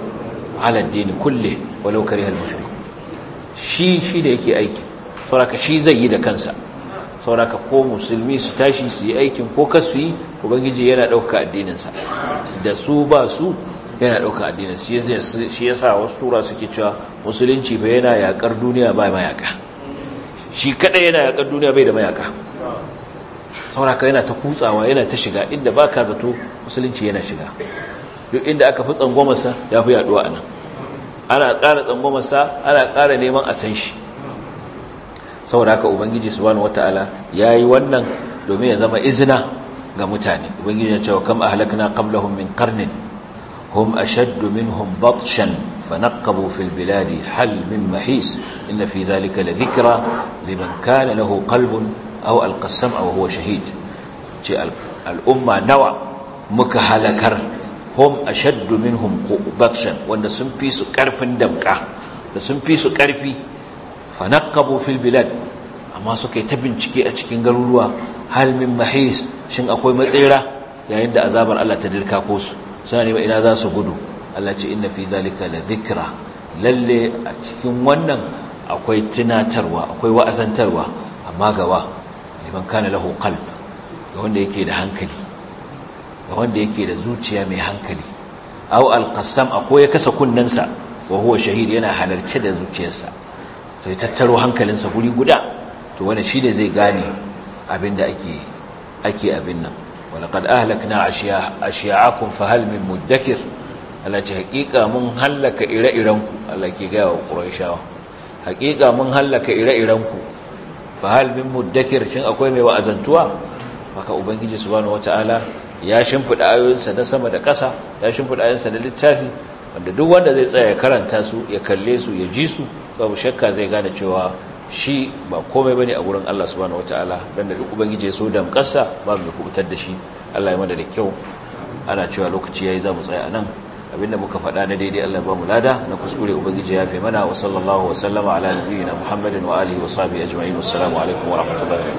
ala din kulli walau kariha al shi shi da yake aiki sauraka shi zai yi da kansa sauraka ko musulmi su tashi su yi aikin ko kasu yi ubangiji yana addinin addininsa da su ba su yana ɗaukar addinin shi yasa wasu tura suke cewa musulunci bai yana yakar duniya ba mayaka shi kada yana yakar duniya bai da mayaƙa sauraka yana ta kutsawa yana ta shiga inda baka zato musulunci yana shiga duk inda aka fi tsangwamarsa ya fi yaduwa a nan ana ƙara tsangwamarsa ana ƙara neman a san shi saboda haka ubangiji subhanahu wataala yi wannan domin ya zama izina ga mutane ubangiji ya ce kam ahlakna qablahum min qarnin هم أشد منهم بطشا فنقبوا في البلاد حل من محيس إن في ذلك لذكرى لمن كان له قلب أو ألقى السمع وهو شهيد الأمة نوع مكهلكر هم أشد منهم بطشا وأن سنفيس كرف دمكة سنفيس كرفي فنقبوا في البلاد amma suka yi ta bincike a cikin garuruwa halmin mahis shin akwai matsira yayin da azabar Allah ta dirka ko su suna nema ina za su gudu Allah ce inna fi zalika la zikra lalle a cikin wannan akwai tunatarwa akwai wa'azantarwa amma gawa liman kana lahu qalb ga wanda yake da hankali ga wanda yake da zuciya mai hankali aw alqasam akwai ya kasa kunnansa wa huwa shahid yana halarce da zuciyarsa to ya tattaro hankalinsa guri guda to wannan shi da zai gane abinda ake ake abin nan walaqad ahlakna ashiya'akum fahal min muddakir Allah ce hakika mun hallaka ire-irenku Allah ke ga wa Qurayshawa Haƙiƙa mun hallaka ire-irenku fahal min muddakir shin akwai mai wa'azantuwa maka ubangiji subhanahu wataala ya shimfida ayoyinsa na sama da ƙasa ya shimfida ayoyinsa na littafi wanda duk wanda zai tsaya ya karanta su ya kalle su ya ji su babu shakka zai gane cewa shi ba komai ne a wurin Allah subhanahu wataala dan da duk ubangiji ya so mukassa ba mu kubutar da shi Allah ya mana da kyau ana cewa lokaci yayi zamu tsaya anan abinda muka faɗa na daidai Allah ba mu lada na kuskure ubangiji ya fi mana wa sallallahu wa sallama ala nabiyyina Muhammadin wa alihi wa sahbihi ajma'in assalamu alaikum wa rahmatullahi